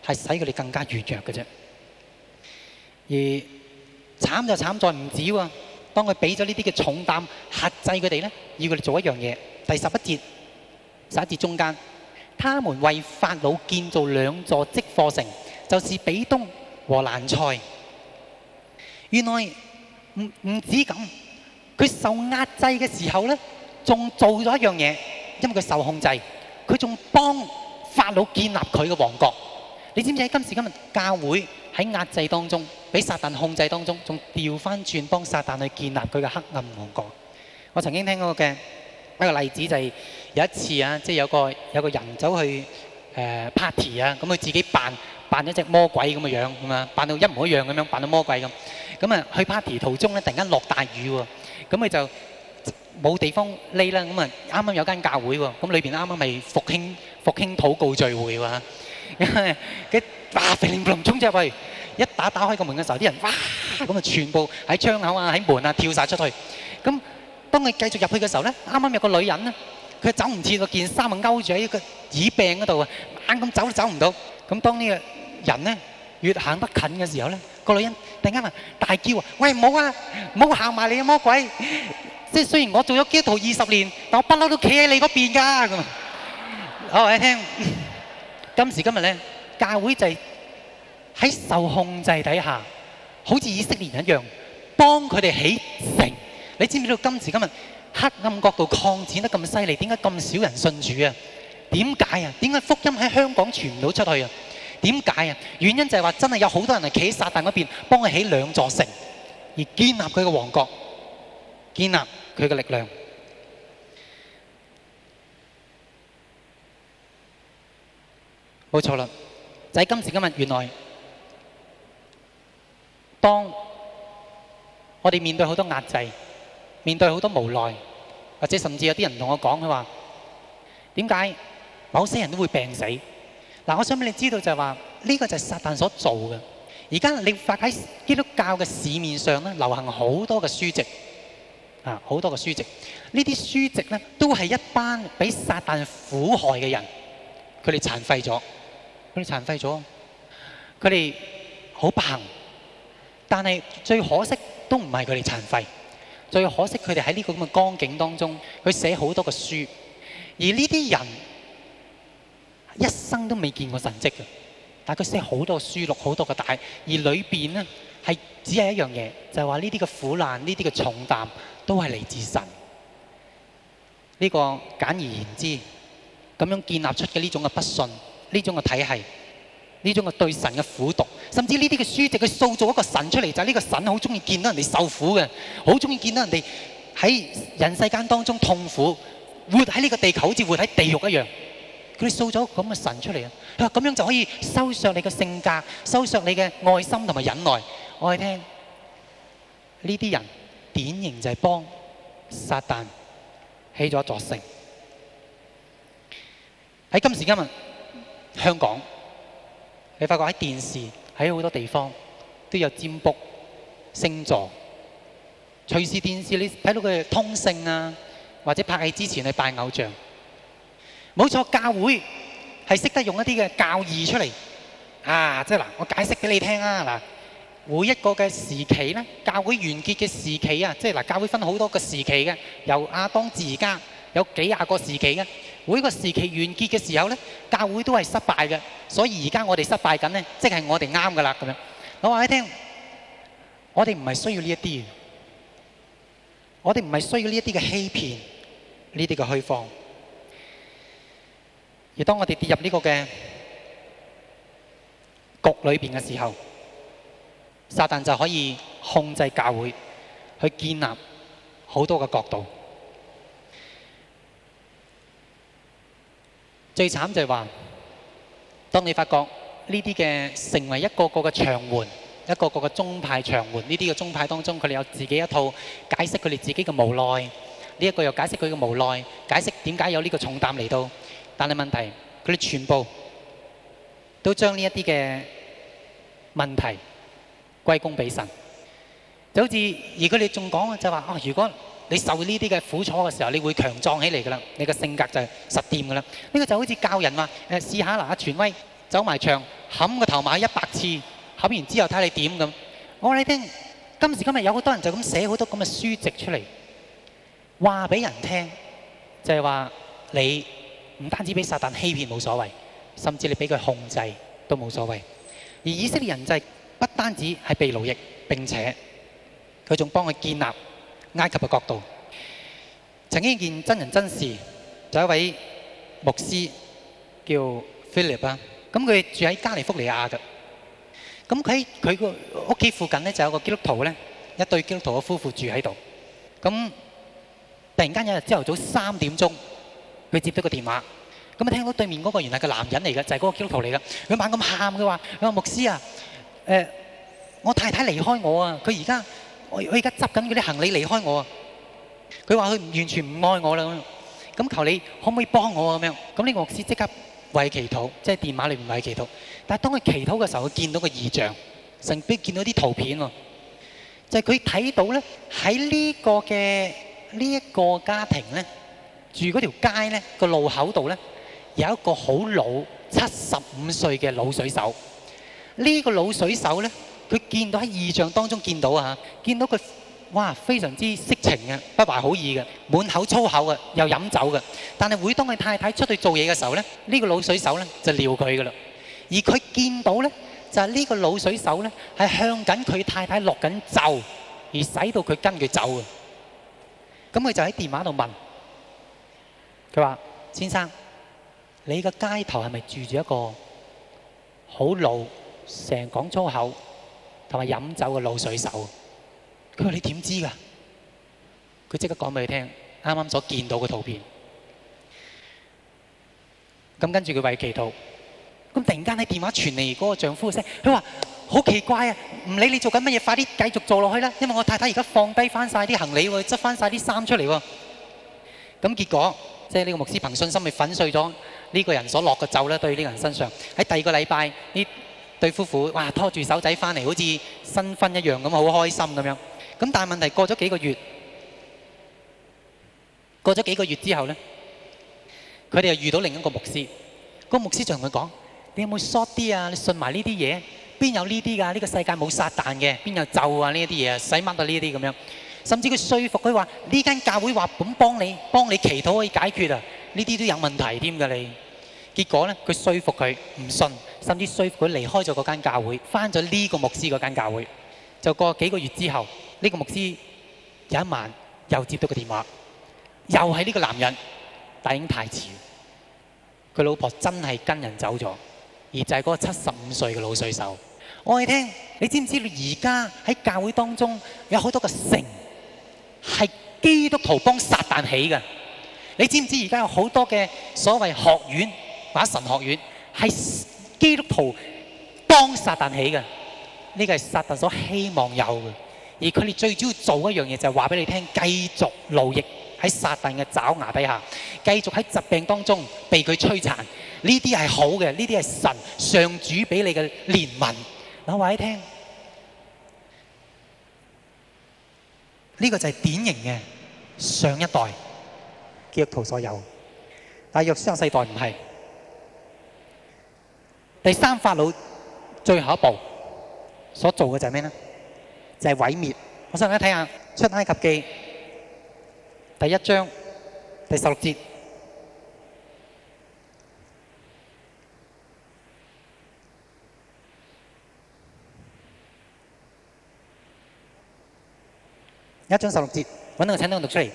係使佢哋更加軟弱嘅啫。而慘就慘在唔止喎，當佢俾咗呢啲嘅重擔，克制佢哋咧，要佢哋做一樣嘢。第十一節，十一節中間，他們為法老建造兩座積貨城，就是比東和蘭塞。原來。唔唔止咁，佢受壓制嘅時候呢，仲做咗一樣嘢，因為佢受控制，佢仲幫法老建立佢嘅王國。你知唔知喺今時今日教會喺壓制當中，俾撒但控制當中，仲掉返轉幫撒但去建立佢嘅黑暗王國？我曾經聽過嘅一個例子就係有一次啊，即係有個有個人走去誒 party 啊，咁佢自己辦。扮咗隻魔鬼咁嘅樣，咁啊，扮到一模一樣咁樣，扮到魔鬼咁。咁啊，去 party 途中咧，突然間落大雨喎，咁佢就冇地方匿啦。咁啊，啱啱有間教會喎，咁裏邊啱啱咪復興復興禱告聚會喎。咁啊，佢哇飛零撲隆衝入去，一打打開個門嘅時候，啲人哇咁啊，全部喺窗口啊、喺門啊跳晒出去。咁當佢繼續入去嘅時候咧，啱啱有個女人咧，佢走唔切個件衫啊，勾住喺個椅柄嗰度啊，硬咁走都走唔到。咁當呢個人咧越行得近嘅時候咧，個女人突然間話大叫啊！喂，唔好啊，唔好行埋你啊，魔鬼！即係雖然我做咗基督徒二十年，但我不嬲都企喺你嗰邊㗎。咁啊，我話你聽，今時今日咧，教會就係喺受控制底下，好似以色列一樣，幫佢哋起城。你知唔知道今時今日黑暗國度擴展得咁犀利，點解咁少人信主啊？點解啊？點解福音喺香港傳唔到出去啊？點解啊？原因就係話真係有好多人係企喺撒旦嗰邊幫佢起兩座城，而建立佢嘅王國，建立佢嘅力量。冇錯啦，就喺今時今日，原來當我哋面對好多壓制，面對好多無奈，或者甚至有啲人同我講，佢話：點解？某些人都會病死嗱。我想俾你知道就是說，就係話呢個就係撒旦所做嘅。而家你發喺基督教嘅市面上咧，流行好多嘅書籍啊，好多嘅書，書籍呢啲書籍咧，都係一班俾撒旦苦害嘅人，佢哋殘廢咗，佢哋殘廢咗，佢哋好不幸。但係最可惜都唔係佢哋殘廢，最可惜佢哋喺呢個咁嘅光景當中，佢寫好多嘅書，而呢啲人。一生都未見過神跡嘅，但係佢寫好多書錄好多嘅，但而裏邊呢，係只係一樣嘢，就係話呢啲嘅苦難、呢啲嘅重擔都係嚟自神。呢、呢個簡而言之，咁樣建立出嘅呢種嘅不信、呢種嘅體系、呢種嘅對神嘅苦毒，甚至呢啲嘅書籍，佢塑造一個神出嚟，就係、是、呢個神好中意見到人哋受苦嘅，好中意見到人哋喺人世間當中痛苦，活喺呢個地球好似活喺地獄一樣。佢哋掃咗咁嘅神出嚟啊！佢話咁樣就可以收削你嘅性格，收削你嘅愛心同埋忍耐。我哋聽呢啲人典型就係幫撒旦起咗一座城。喺今時今日，香港你發覺喺電視、喺好多地方都有占卜、星座，隨時電視你睇到佢通勝啊，或者拍戲之前去拜偶像。冇錯，教會係識得用一啲嘅教義出嚟，啊，即嗱，我解釋俾你聽啊嗱，每一個嘅時期呢，教會完結嘅時期啊，即嗱，教會分好多個時期嘅，由亞當至而家有幾廿個時期嘅，每一個時期完結嘅時候呢，教會都係失敗嘅，所以而家我哋失敗緊呢，即係我哋啱㗎喇咁樣。我話你聽，我哋唔係需要呢一啲，我哋唔係需要呢一啲嘅欺騙，呢啲嘅虛謊。而當我哋跌入呢個嘅局裏邊嘅時候，撒旦就可以控制教會，去建立好多嘅角度。最慘就係話，當你發覺呢啲嘅成為一個個嘅長援，一個個嘅宗派長援，呢啲嘅宗派當中，佢哋有自己一套解釋佢哋自己嘅無奈。呢一個又解釋佢嘅無奈，解釋點解有呢個重擔嚟到。但係問題，佢哋全部都將呢一啲嘅問題歸功俾神，就好似如果你仲講就話啊、哦，如果你受呢啲嘅苦楚嘅時候，你會強壯起嚟㗎啦，你個性格就實掂㗎啦。呢、這個就好似教人話誒試下嗱，全威走埋牆，冚個頭埋一百次，冚完之後睇你點咁。我話你聽，今時今日有好多人就咁寫好多咁嘅書籍出嚟，話俾人聽，就係、是、話你。唔單止俾撒旦欺騙冇所謂，甚至你俾佢控制都冇所謂。而以色列人就係不單止係被奴役，並且佢仲幫佢建立埃及嘅國度。曾經一件真人真事，就一位牧師叫 Philip 啊，咁佢住喺加利福尼亞嘅。咁喺佢個屋企附近咧，就有個基督徒咧，一對基督徒嘅夫婦住喺度。咁突然間有一日朝頭早三點鐘。佢接咗個電話，咁啊聽到對面嗰個原來個男人嚟嘅，就係嗰個基督徒嚟嘅。佢猛咁喊，佢話，佢話牧師啊，誒，我太太離開我啊！佢而家，我我而家執緊嗰啲行李離開我啊！佢話佢完全唔愛我啦。咁求你可唔可以幫我啊咁樣？咁呢個牧師即刻為祈禱，即係電話裏面為祈禱。但係當佢祈禱嘅時候，佢見到個異象，神俾見到啲圖片喎，就係佢睇到咧喺呢個嘅呢一個家庭咧。住嗰條街咧，個路口度咧有一個好老七十五歲嘅老水手。呢個老水手咧，佢見到喺異象當中見到啊，見到佢哇非常之色情嘅，不懷好意嘅，滿口粗口嘅，又飲酒嘅。但係每當佢太太出去做嘢嘅時候咧，呢個老水手咧就撩佢㗎喇。而佢見到咧就係呢個老水手咧係向緊佢太太落緊咒，而使到佢跟佢走嘅。咁佢就喺電話度問。佢話：先生，你個街頭係咪住住一個好老、成日講粗口同埋飲酒嘅老水手？佢話：你點知㗎？佢即刻講俾你聽，啱啱所見到嘅圖片。咁跟住佢為他祈禱，咁突然間喺電話傳嚟嗰個丈夫嘅聲，佢話：好奇怪啊！唔理你做緊乜嘢，快啲繼續做落去啦！因為我太太而家放低翻晒啲行李喎，執翻晒啲衫出嚟喎。咁結果。即係呢個牧師憑信心去粉碎咗呢個人所落嘅咒咧，對呢個人身上。喺第二個禮拜，呢對夫婦哇拖住手仔翻嚟，好似新婚一樣咁，好開心咁樣。咁但係問題過咗幾個月，過咗幾個月之後咧，佢哋又遇到另一個牧師。個牧師就同佢講：你有冇 short 啲啊？你信埋呢啲嘢，邊有呢啲㗎？呢個世界冇撒旦嘅，邊有咒啊？呢一啲嘢，使乜啊？呢啲咁樣。甚至佢説服佢話呢間教會話咁幫你，幫你祈禱可以解決啊！呢啲都有問題添㗎你。結果咧，佢説服佢唔信，甚至説服佢離開咗嗰間教會，翻咗呢個牧師嗰間教會。就過幾個月之後，呢個牧師有一晚又接到個電話，又係呢個男人，但已經太遲，佢老婆真係跟人走咗，而就係嗰個七十五歲嘅老水手。我哋聽，你知唔知你而家喺教會當中有好多個成？係基督徒幫撒但起嘅。你知唔知而家有好多嘅所謂學院或者神學院係基督徒幫撒但起嘅？呢個係撒但所希望有嘅，而佢哋最主要做一樣嘢就係話俾你聽，繼續勞役喺撒但嘅爪牙底下，繼續喺疾病當中被佢摧殘。呢啲係好嘅，呢啲係神上主俾你嘅憐憫。嗱，話你聽。呢個就係典型嘅上一代，基督徒所有，但係約書亞世代唔係。第三，法老最後一步所做嘅就係咩呢？就係毀滅。我想嚟睇下出埃及記第一章第十六節。一章十六節，到我，到我到個請單讀出嚟。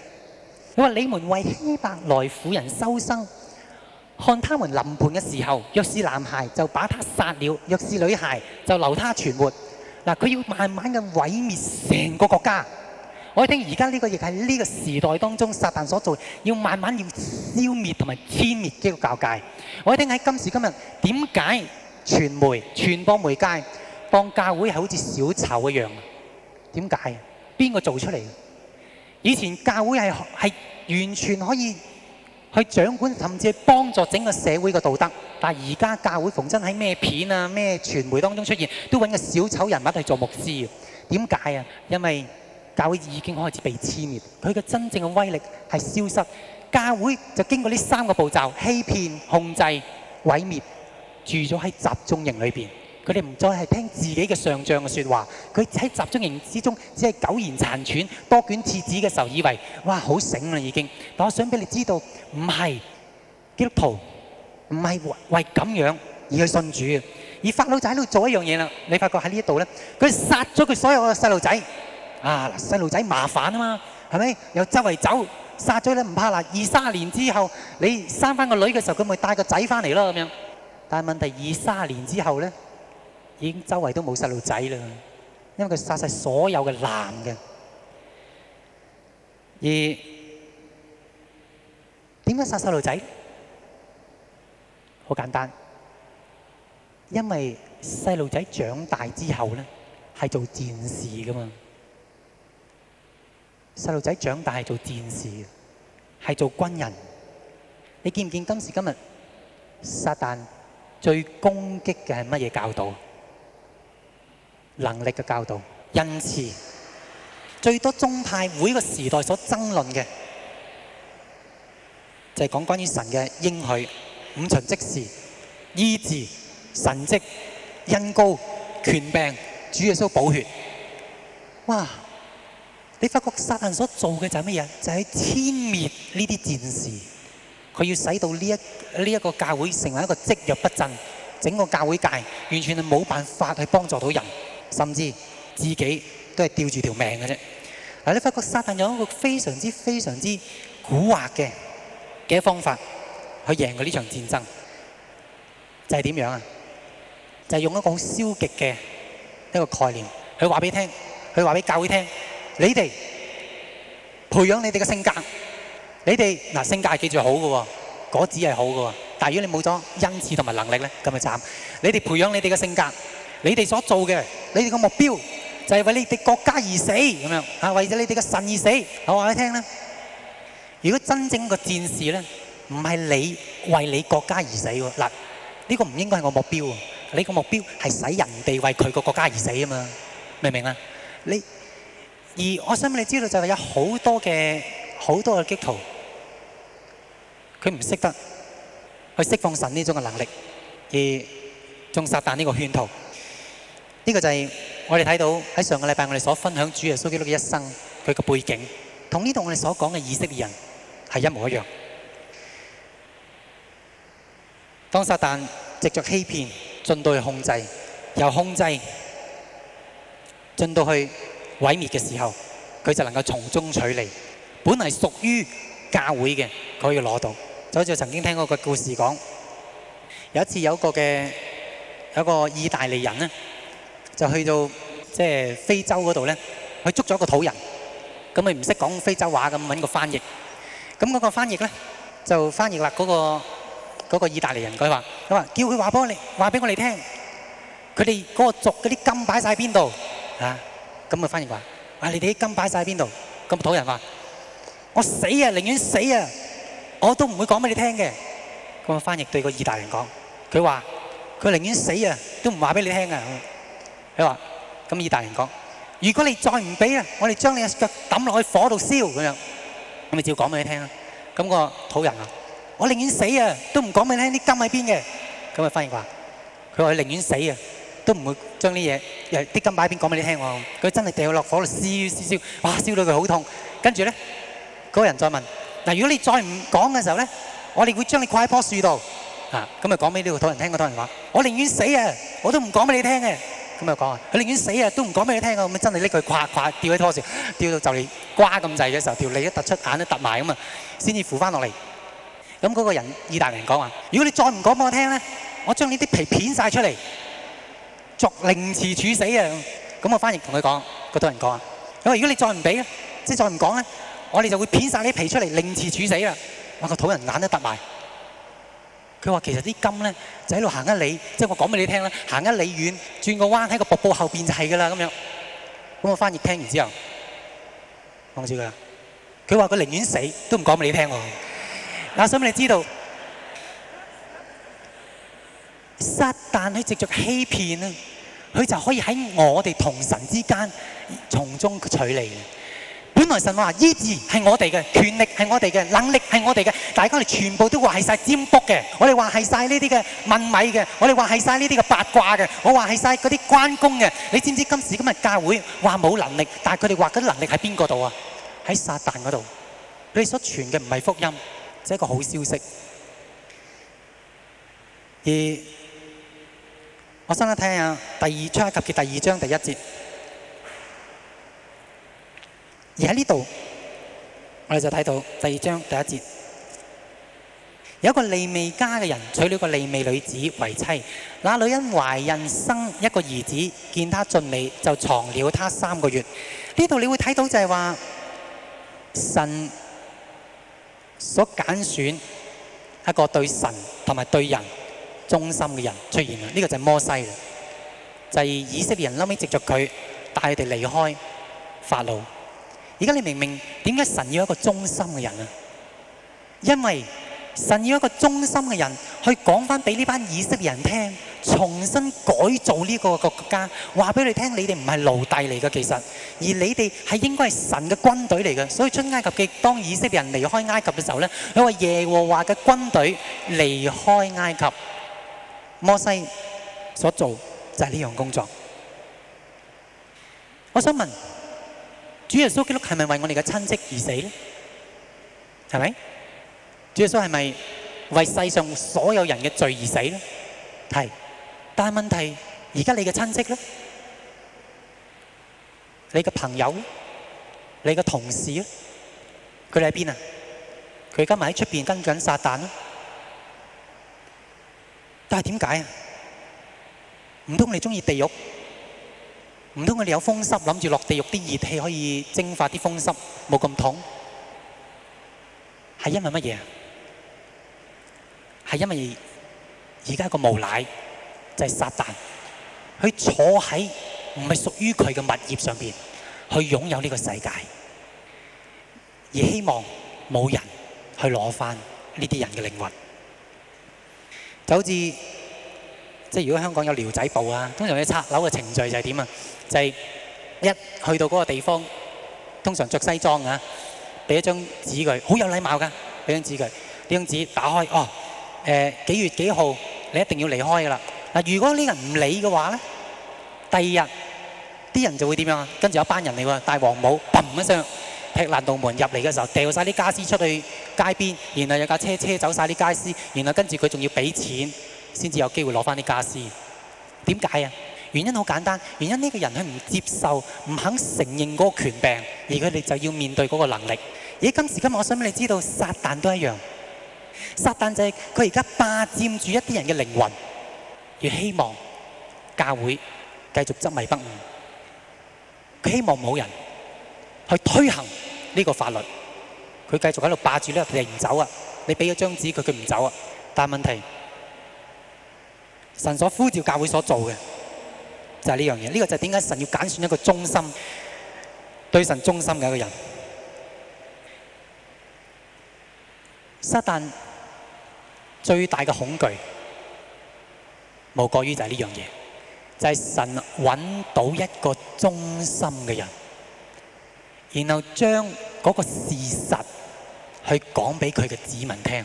我話你們為希伯來婦人收生，看他們臨盆嘅時候，若是男孩就把他殺了，若是女孩就留他存活。嗱，佢要慢慢嘅毀滅成個國家。我聽而家呢個亦係呢個時代當中撒旦所做，要慢慢要消滅同埋殲滅呢個教界。我聽喺今時今日，點解傳媒、傳播媒介當教會係好似小丑一樣？點解？邊個做出嚟？以前教會係係完全可以去掌管，甚至係幫助整個社會嘅道德。但係而家教會逢親喺咩片啊、咩傳媒當中出現，都搵個小丑人物去做牧師。點解啊？因為教會已經開始被殲滅，佢嘅真正嘅威力係消失。教會就經過呢三個步驟：欺騙、控制、毀滅，住咗喺集中營裏邊。佢哋唔再係聽自己嘅上將嘅説話，佢喺集中營之中只係苟延殘喘，多卷廁紙嘅時候以為哇好醒啦已經，但我想俾你知道唔係基督徒唔係為咁樣而去信主，而法老仔喺度做一樣嘢啦。你發覺喺呢一度咧，佢殺咗佢所有嘅細路仔啊！細路仔麻煩啊嘛，係咪又周圍走，殺咗你唔怕啦，二三年之後你生翻個女嘅時候，佢咪帶個仔翻嚟咯咁樣。但係問題是二三年之後咧？已經周圍都冇細路仔啦，因為佢殺晒所有嘅男嘅。而點解殺細路仔？好簡單，因為細路仔長大之後呢，係做戰士㗎嘛。細路仔長大係做戰士，係做軍人。你見唔見今時今日，撒旦最攻擊嘅係乜嘢教導？能力的教導，恩賜最多宗派每個時代所爭論的就是講關於神的應許、五旬即時醫治神蹟恩膏權柄主耶穌寶血。哇！你發覺撒旦所做的就係乜嘢？就係殲滅這些戰士，他要使到這一呢一個教會成為一個積弱不振，整個教會界完全是沒冇辦法去幫助到人。甚至自己都係吊住條命嘅啫。嗱，你發覺撒旦有一個非常之、非常之蠱惑嘅嘅方法去贏過呢場戰爭，就係點樣啊？就係用一個好消極嘅一個概念，佢話俾你聽，佢話俾教會聽，你哋培養你哋嘅性格，你哋嗱性格係記住好嘅，果子係好嘅，但係如果你冇咗恩賜同埋能力咧，咁咪慘。你哋培養你哋嘅性格。你哋所做嘅，你哋個目標就係為你哋國家而死，咁樣，為咗你哋嘅神而死。我話你聽啦，如果真正個戰士咧，唔係你為你國家而死喎。嗱，呢個唔應該係我目標啊！你、呢個目標係使人哋為佢個國家而死啊嘛，明唔明啊？而我想你知道就係有好多的好多的基督徒，佢唔識得去釋放神呢種嘅能力，而中撒旦呢個圈套。呢、這個就係我哋睇到喺上個禮拜我哋所分享主耶穌基督嘅一生，佢個背景同呢度我哋所講嘅以色列人係一模一樣。當撒旦藉著欺騙進到去控制，由控制進到去毀滅嘅時候，佢就能夠從中取利。本嚟屬於教會嘅，佢可以攞到。就好似曾經聽過個故事講，有一次有一個嘅有一個意大利人就去到即係非洲嗰度咧，佢捉咗個土人，咁佢唔識講非洲話，咁揾個翻譯。咁嗰個翻譯咧就翻譯啦，嗰個嗰個意大利人，佢話：佢話叫佢話俾我哋，話俾我哋聽，佢哋嗰個族嗰啲金擺曬邊度啊？咁啊翻譯話：啊，你哋啲金擺曬邊度？咁土人話：我死啊，寧願死啊，我都唔會講俾你聽嘅。咁啊翻譯對個意大利人講：佢話佢寧願死啊，都唔話俾你聽啊！佢話：咁以大人意大利人講，如果你再唔俾啊，我哋將你嘅腳抌落去火度燒咁樣。我哋照講俾你聽啊。咁個土人啊，我寧願死啊，都唔講俾你聽啲金喺邊嘅。咁啊，翻嚟話，佢話我寧願死啊，都唔會將啲嘢誒啲金擺邊講俾你聽喎。佢真係掟落火度燒燒，哇！燒到佢好痛。跟住咧，嗰個人再問：嗱，如果你再唔講嘅時候咧，我哋會將你掛喺棵樹度啊。咁啊，講俾呢個土人聽。個土人話：我寧願死啊，我都唔講俾你聽嘅。咁啊講啊，佢寧願死啊，都唔講俾你聽㗎。咁啊真係拎佢跨跨掉喺拖船，掉到就嚟瓜咁滯嘅時候，條脷一突出，眼都凸埋咁啊，先至扶翻落嚟。咁嗰個人意大利人講話：如果你再唔講俾我聽咧，我將呢啲皮片曬出嚟，作凌遲處死啊！咁我翻譯同佢講，個土人講啊：因為如果你再唔俾，即係再唔講咧，我哋就會片曬你啲皮出嚟，凌遲處死啊！哇，個土人眼都凸埋。佢話：其實啲金咧就喺度行一里，即係我講俾你聽啦，行一里遠，轉個彎喺個瀑布後邊就係噶啦咁樣。咁我翻譯聽完之後，我問住佢：佢話佢寧願死都唔講俾你聽喎。阿叔，你知道撒旦佢藉著欺騙啊，佢就可以喺我哋同神之間從中取利嘅。本來神話醫治係我哋嘅，權力係我哋嘅，能力係我哋嘅。大家嚟全部都話係晒佔卜嘅，我哋話係晒呢啲嘅問米嘅，我哋話係晒呢啲嘅八卦嘅，我話係晒嗰啲關公嘅。你知唔知今時今日教會話冇能力，但係佢哋話嗰啲能力喺邊個度啊？喺撒旦嗰度。佢哋所傳嘅唔係福音，即係一個好消息。而我先啦睇下第二出埃及記第二章第一節。而喺呢度，我哋就睇到第二章第一節，有一個利未家嘅人娶咗個利未女子為妻，那女人懷孕生一個兒子，見他俊美，就藏了他三個月。呢度你會睇到就係話神所揀選一個對神同埋對人忠心嘅人出現啦。呢、這個就係摩西啦，就係、是、以色列人後尾藉着佢帶佢哋離開法老。而家你明唔明點解神要一個忠心嘅人啊？因為神要一個忠心嘅人去講翻俾呢班以色列人聽，重新改造呢個國家，話俾你聽，你哋唔係奴隸嚟嘅，其實而你哋係應該係神嘅軍隊嚟嘅。所以出埃及嘅當以色列人離開埃及嘅時候咧，佢話耶和華嘅軍隊離開埃及，摩西所做就係呢樣工作。我想問，主耶穌基督係咪為我哋嘅親戚而死咧？係咪？主耶穌係咪為世上所有人嘅罪而死咧？係。但係問題，而家你嘅親戚咧，你嘅朋友咧，你嘅同事咧，佢哋喺邊啊？佢而家咪喺出邊跟緊撒旦咯？但係點解啊？唔通你中意地獄？唔通我哋有風濕，諗住落地獄啲熱氣可以蒸發啲風濕，冇咁痛，係因為乜嘢？係因為而家一個無賴就係撒旦，佢坐喺唔係屬於佢嘅物業上邊，去擁有呢個世界，而希望冇人去攞翻呢啲人嘅靈魂，就好似。即係如果香港有寮仔部啊，通常佢拆樓嘅程序就係點啊？就係一去到嗰個地方，通常著西裝啊，俾一張紙佢，好有禮貌噶，俾張紙佢，呢張紙打開哦，誒幾月幾號，你一定要離開噶啦。嗱，如果呢人唔理嘅話咧，第二日啲人就會點樣啊？跟住有班人嚟喎，戴黃帽，砰一聲，劈爛道門入嚟嘅時候，掟曬啲家私出去街邊，然後有架車車走曬啲家私，然後跟住佢仲要俾錢。先至有機會攞翻啲家私，點解啊？原因好簡單，原因呢個人佢唔接受，唔肯承認嗰個權柄，而佢哋就要面對嗰個能力。而今時今日，我想俾你知道，撒但都一樣，撒但就係佢而家霸佔住一啲人嘅靈魂，而希望教會繼續執迷不悟。佢希望冇人去推行呢個法律，佢繼續喺度霸住呢個唔走啊！你俾咗張紙，佢佢唔走啊！但係問題。神所呼召教會所做嘅就係呢樣嘢，呢、呢個就係點解神要揀選一個忠心對神忠心嘅一個人。撒但最大嘅恐懼無過於就係呢樣嘢，就係神揾到一個忠心嘅人，然後將嗰個事實去講畀佢嘅子民聽。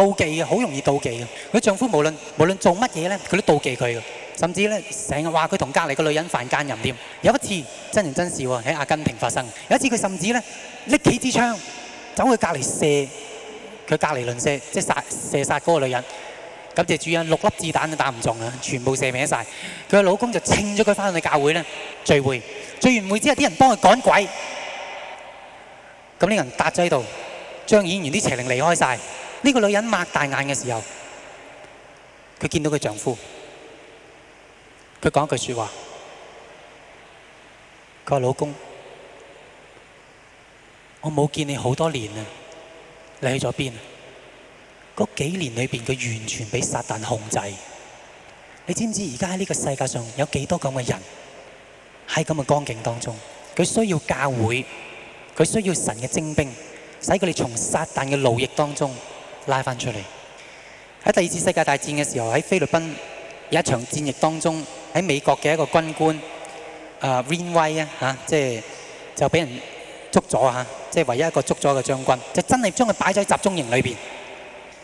妒忌嘅，好容易妒忌嘅。佢丈夫無論無論做乜嘢咧，佢都妒忌佢嘅。甚至咧，成日話佢同隔離個女人犯奸淫添。有一次真人真事喎，喺阿根廷發生。有一次佢甚至咧拎起支槍走去隔離射，佢隔離亂射，即係殺射殺嗰個女人。咁謝主人六粒子彈都打唔中啊，全部射歪曬。佢嘅老公就稱咗佢翻去教會咧聚會，聚完會之後啲人幫佢趕鬼。咁啲人搭喺度，將演員啲邪靈離開曬。呢個女人擘大眼嘅時候，佢見到佢丈夫，佢講一句說話，佢話，老公，我冇見你好多年啦，你去咗邊啊？嗰幾年裏面，佢完全被撒旦控制。你知唔知而家喺呢個世界上有幾多咁嘅人喺咁嘅光景當中？佢需要教會，佢需要神嘅精兵，使佢哋從撒旦嘅奴役當中，拉翻出嚟。喺第二次世界大戰嘅時候，喺菲律賓有一場戰役當中，喺美國嘅一個軍官啊，威威啊，嚇，即係就俾人捉咗嚇，即係唯一一個捉咗嘅將軍，就真係將佢擺咗喺集中營裏邊。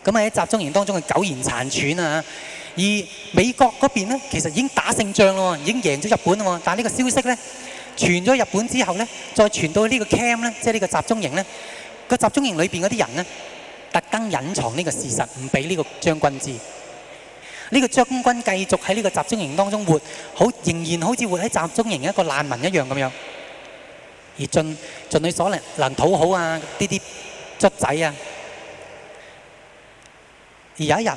咁喺集中營當中，佢苟延殘喘啊。而美國嗰邊咧，其實已經打勝仗咯，已經贏咗日本啊。但係呢個消息呢，傳咗日本之後呢，再傳到呢個 camp 咧，即係呢個集中營呢，個集中營裏邊嗰啲人呢。特登隱藏呢個事實，唔俾呢個將軍知。呢個將軍繼續喺呢個集中營當中活，好仍然好似活喺集中營一個難民一樣咁樣，而盡盡佢所能能討好啊呢啲卒仔啊。而有一日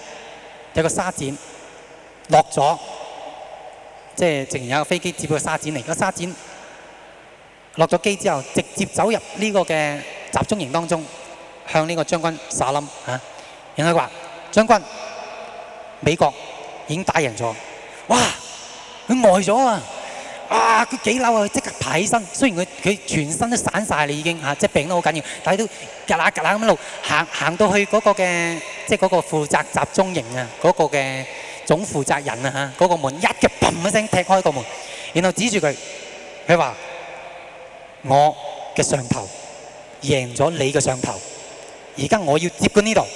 有個沙展落咗，即係仍然有個飛機接個沙展嚟。嗰沙展落咗機之後，直接走入呢個嘅集中營當中。向呢個將軍撒冧嚇，然後話：將軍，美國已經打贏咗，哇！佢呆咗啊！啊！佢幾嬲啊！即刻爬起身，雖然佢佢全身都散曬啦，已經嚇，即係病得好緊要，但係都格乸格乸咁一路行行到去嗰個嘅，即係嗰個負責集中營啊，嗰個嘅總負責人啊嚇，嗰個門一腳砰一聲踢開個門，然後指住佢，佢話：我嘅上頭贏咗你嘅上頭。而家我要接管呢度，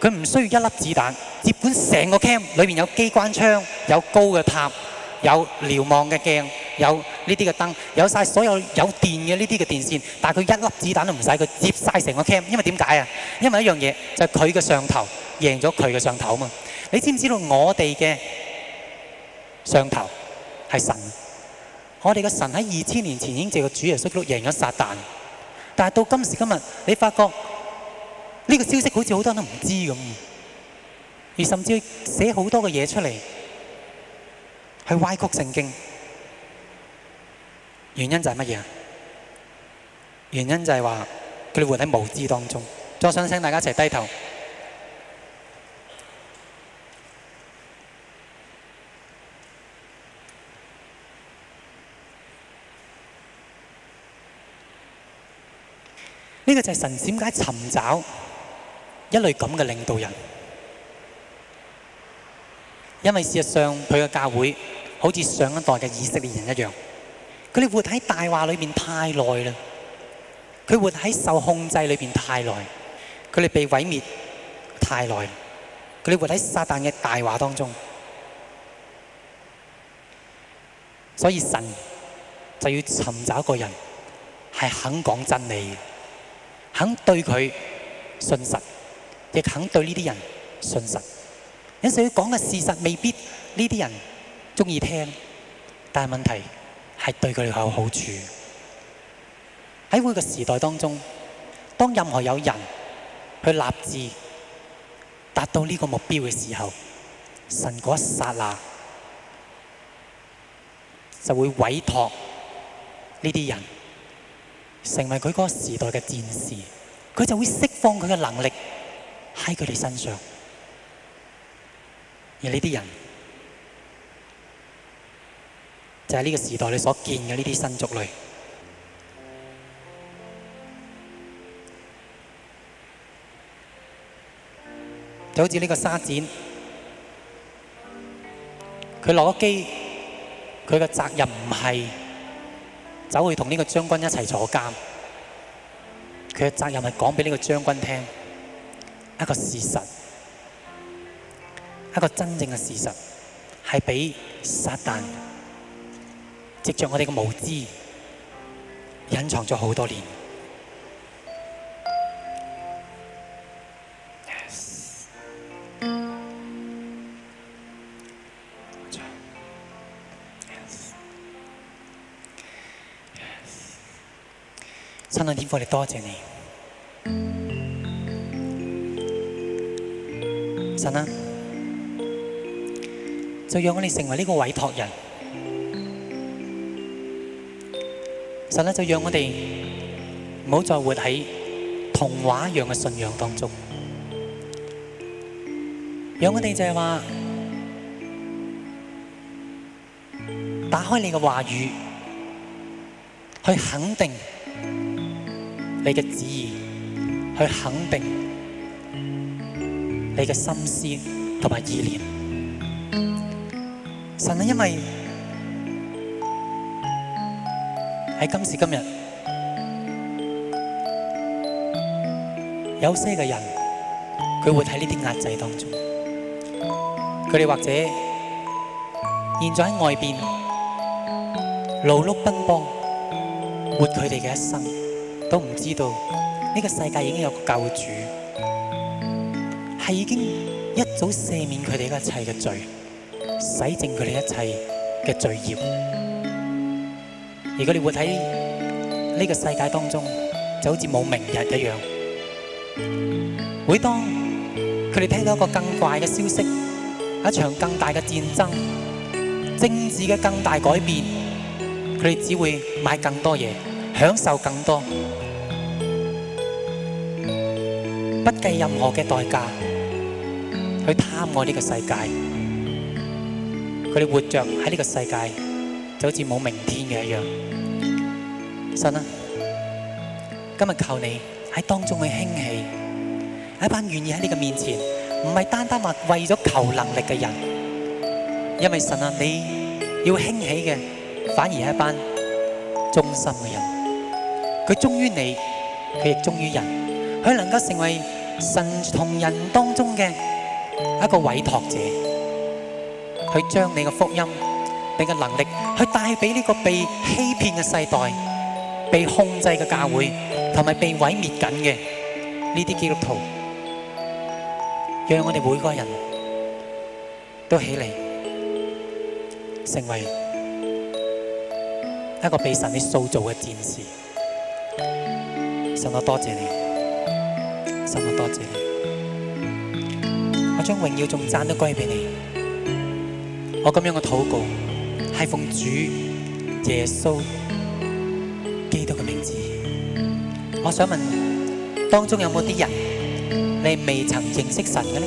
佢唔需要一粒子彈接管成個 cam，裏面有機關槍，有高嘅塔，有瞭望嘅鏡，有呢啲嘅燈，有晒所有有電嘅呢啲嘅電線，但係佢一粒子彈都唔使，佢接晒成個 cam。因為點解啊？因為一樣嘢就係佢嘅上頭，贏咗佢嘅上頭啊嘛！你知唔知道我哋嘅上頭，係神？我哋嘅神喺二千年前已經借個主耶穌贏咗撒旦，但係到今時今日，你發覺。呢、這個消息好似好多人都唔知咁，而甚至寫好多嘅嘢出嚟，去歪曲聖經。原因就係乜嘢？原因就係話佢哋活喺無知當中。再想請大家一齊低頭。呢、這個就係神點解尋找？一類咁嘅領導人，因為事實上佢嘅教會好似上一代嘅以色列人一樣，佢哋活喺大話裏面太耐啦，佢活喺受控制裏面太耐，佢哋被毀滅太耐，佢哋活喺撒旦嘅大話當中，所以神就要尋找一個人係肯講真理，肯對佢信實。亦肯對呢啲人信實，即使佢講嘅事實未必呢啲人中意聽，但係問題係對佢哋有好處。喺每個時代當中，當任何有人去立志達到呢個目標嘅時候，神嗰一剎那就會委託呢啲人成為佢嗰個時代嘅戰士，佢就會釋放佢嘅能力。喺佢哋身上，而呢啲人就係呢個時代你所見嘅呢啲新族類。就好似呢個沙展，佢落咗機，佢嘅責任唔係走去同呢個將軍一齊坐監，佢嘅責任係講俾呢個將軍聽。一個事實，一個真正嘅事實，係俾撒旦藉着我哋嘅無知隱藏咗好多年。Yes。親愛嘅天父，我哋多謝你。神啊，就讓我哋成為呢個委託人。神啊，就讓我哋唔好再活喺童話一樣嘅信仰當中。讓我哋就係話，打開你嘅話語，去肯定你嘅旨意，去肯定。你嘅心思同埋意念，神啊，因為喺今時今日，有些嘅人佢會喺呢啲壓制當中，佢哋或者現在喺外邊勞碌奔波，活佢哋嘅一生，都唔知道呢個世界已經有個救主。係已經一早赦免佢哋一切嘅罪，洗淨佢哋一切嘅罪孽。如果你活喺呢個世界當中，就好似冇明日一樣。每當佢哋聽到一個更怪嘅消息，一場更大嘅戰爭、政治嘅更大改變，佢哋只會買更多嘢，享受更多，不計任何嘅代價。佢貪愛呢個世界，佢哋活着喺呢個世界就好似冇明天嘅一樣。神啊，今日求你喺當中去興起一班願意喺你嘅面前，唔係單單話為咗求能力嘅人，因為神啊，你要興起嘅反而係一班忠心嘅人。佢忠於你，佢亦忠於人，佢能夠成為神同人當中嘅。一個委託者，佢將你嘅福音，你嘅能力，去帶俾呢個被欺騙嘅世代，被控制嘅教會同埋被毀滅緊嘅呢啲基督徒，讓我哋每個人都起嚟，成為一個被神你塑造嘅戰士。神我多謝你，神我多謝你。將榮耀仲讚得歸俾你，我咁樣嘅禱告係奉主耶穌基督嘅名字。我想問當中有冇啲人你未曾認識神嘅呢？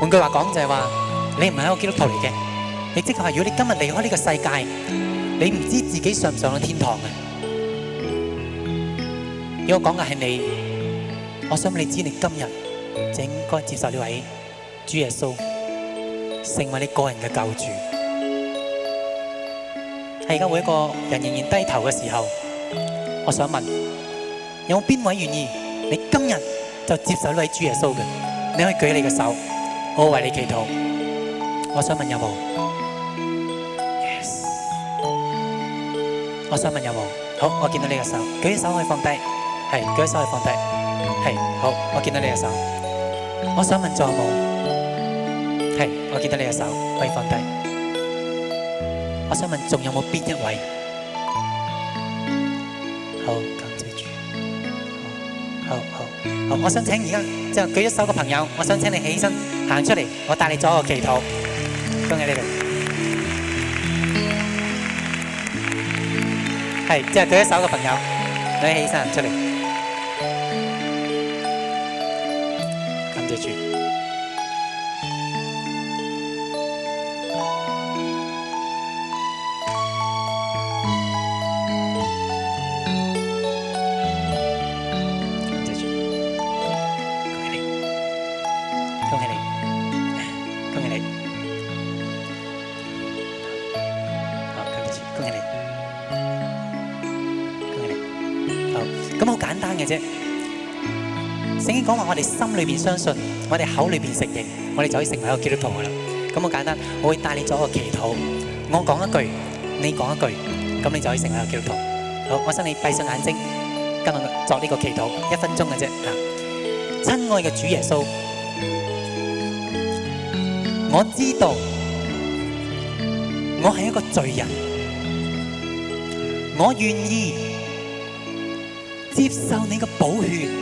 換句話講就係話你唔係一個基督徒嚟嘅，你即係話如果你今日離開呢個世界，你唔知自己上唔上到天堂嘅。如果我講嘅係你，我想問你知你今日，正該接受呢位主耶穌成為你個人嘅救主。喺而家每一個人仍然低頭嘅時候，我想問：有冇邊位願意你今日就接受呢位主耶穌嘅？你可以舉你嘅手，我會為你祈禱。我想問有冇？Yes. 我想問有冇？好，我見到你嘅手，舉手可以放低，係舉手可以放低，係，好，我見到你嘅手。我想問仲有冇？係，我記得你嘅手可以放低。我想問仲有冇邊一位？好，感謝主。好好好，我想請而家即係舉咗手嘅朋友，我想請你起身行出嚟，我帶你做一個祈禱。恭喜你哋。係，即係舉咗手嘅朋友，你起身行出嚟。我哋心裏邊相信，我哋口裏邊承認，我哋就可以成為一個基督徒噶啦。咁好簡單，我會帶你做一個祈禱。我講一句，你講一句，咁你就可以成為一個基督徒。好，我請你閉上眼睛，跟我作呢個祈禱，一分鐘嘅啫。親愛嘅主耶穌，我知道我係一個罪人，我願意接受你嘅寶血。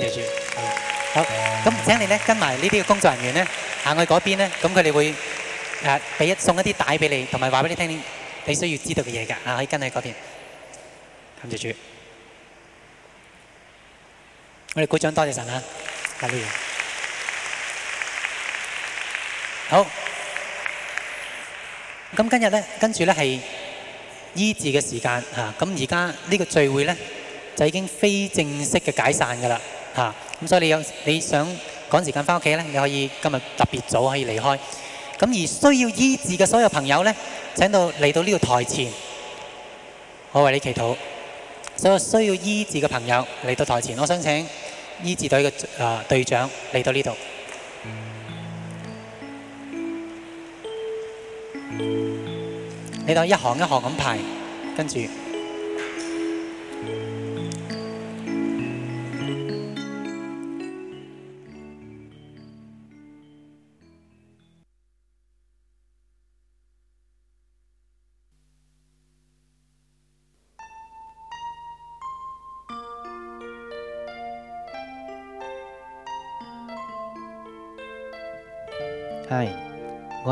謝謝主，好，咁請你咧跟埋呢啲嘅工作人員咧行去嗰邊咧，咁佢哋會誒俾送一啲帶俾你，同埋話俾你聽你需要知道嘅嘢噶，啊，可以跟喺嗰邊。感謝主，我哋鼓掌，多謝神啊！阿李，好，咁今日咧，跟住咧係醫治嘅時間，吓，咁而家呢個聚會咧就已經非正式嘅解散噶啦。啊！咁所以你有你想趕時間翻屋企咧，你可以今日特別早可以離開。咁而需要醫治嘅所有朋友咧，請到嚟到呢個台前，我為你祈禱。所有需要醫治嘅朋友嚟到台前，我想請醫治隊嘅啊隊長嚟到呢度，你、嗯、等一行一行咁排，跟住。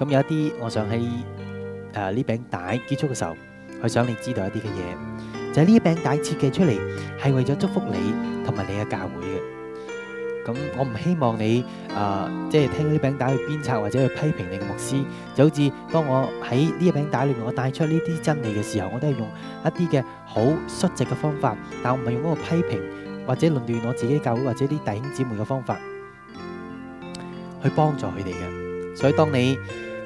咁有一啲，我想喺誒呢餅帶結束嘅時候，佢想你知道一啲嘅嘢，就係呢一餅帶設計出嚟係為咗祝福你同埋你嘅教會嘅。咁我唔希望你誒，即係聽到呢餅帶去鞭策或者去批評你嘅牧師，就好似當我喺呢一餅帶裏面我帶出呢啲真理嘅時候，我都係用一啲嘅好率直嘅方法，但我唔係用嗰個批評或者論斷我自己教會或者啲弟兄姊妹嘅方法去幫助佢哋嘅。所以當你，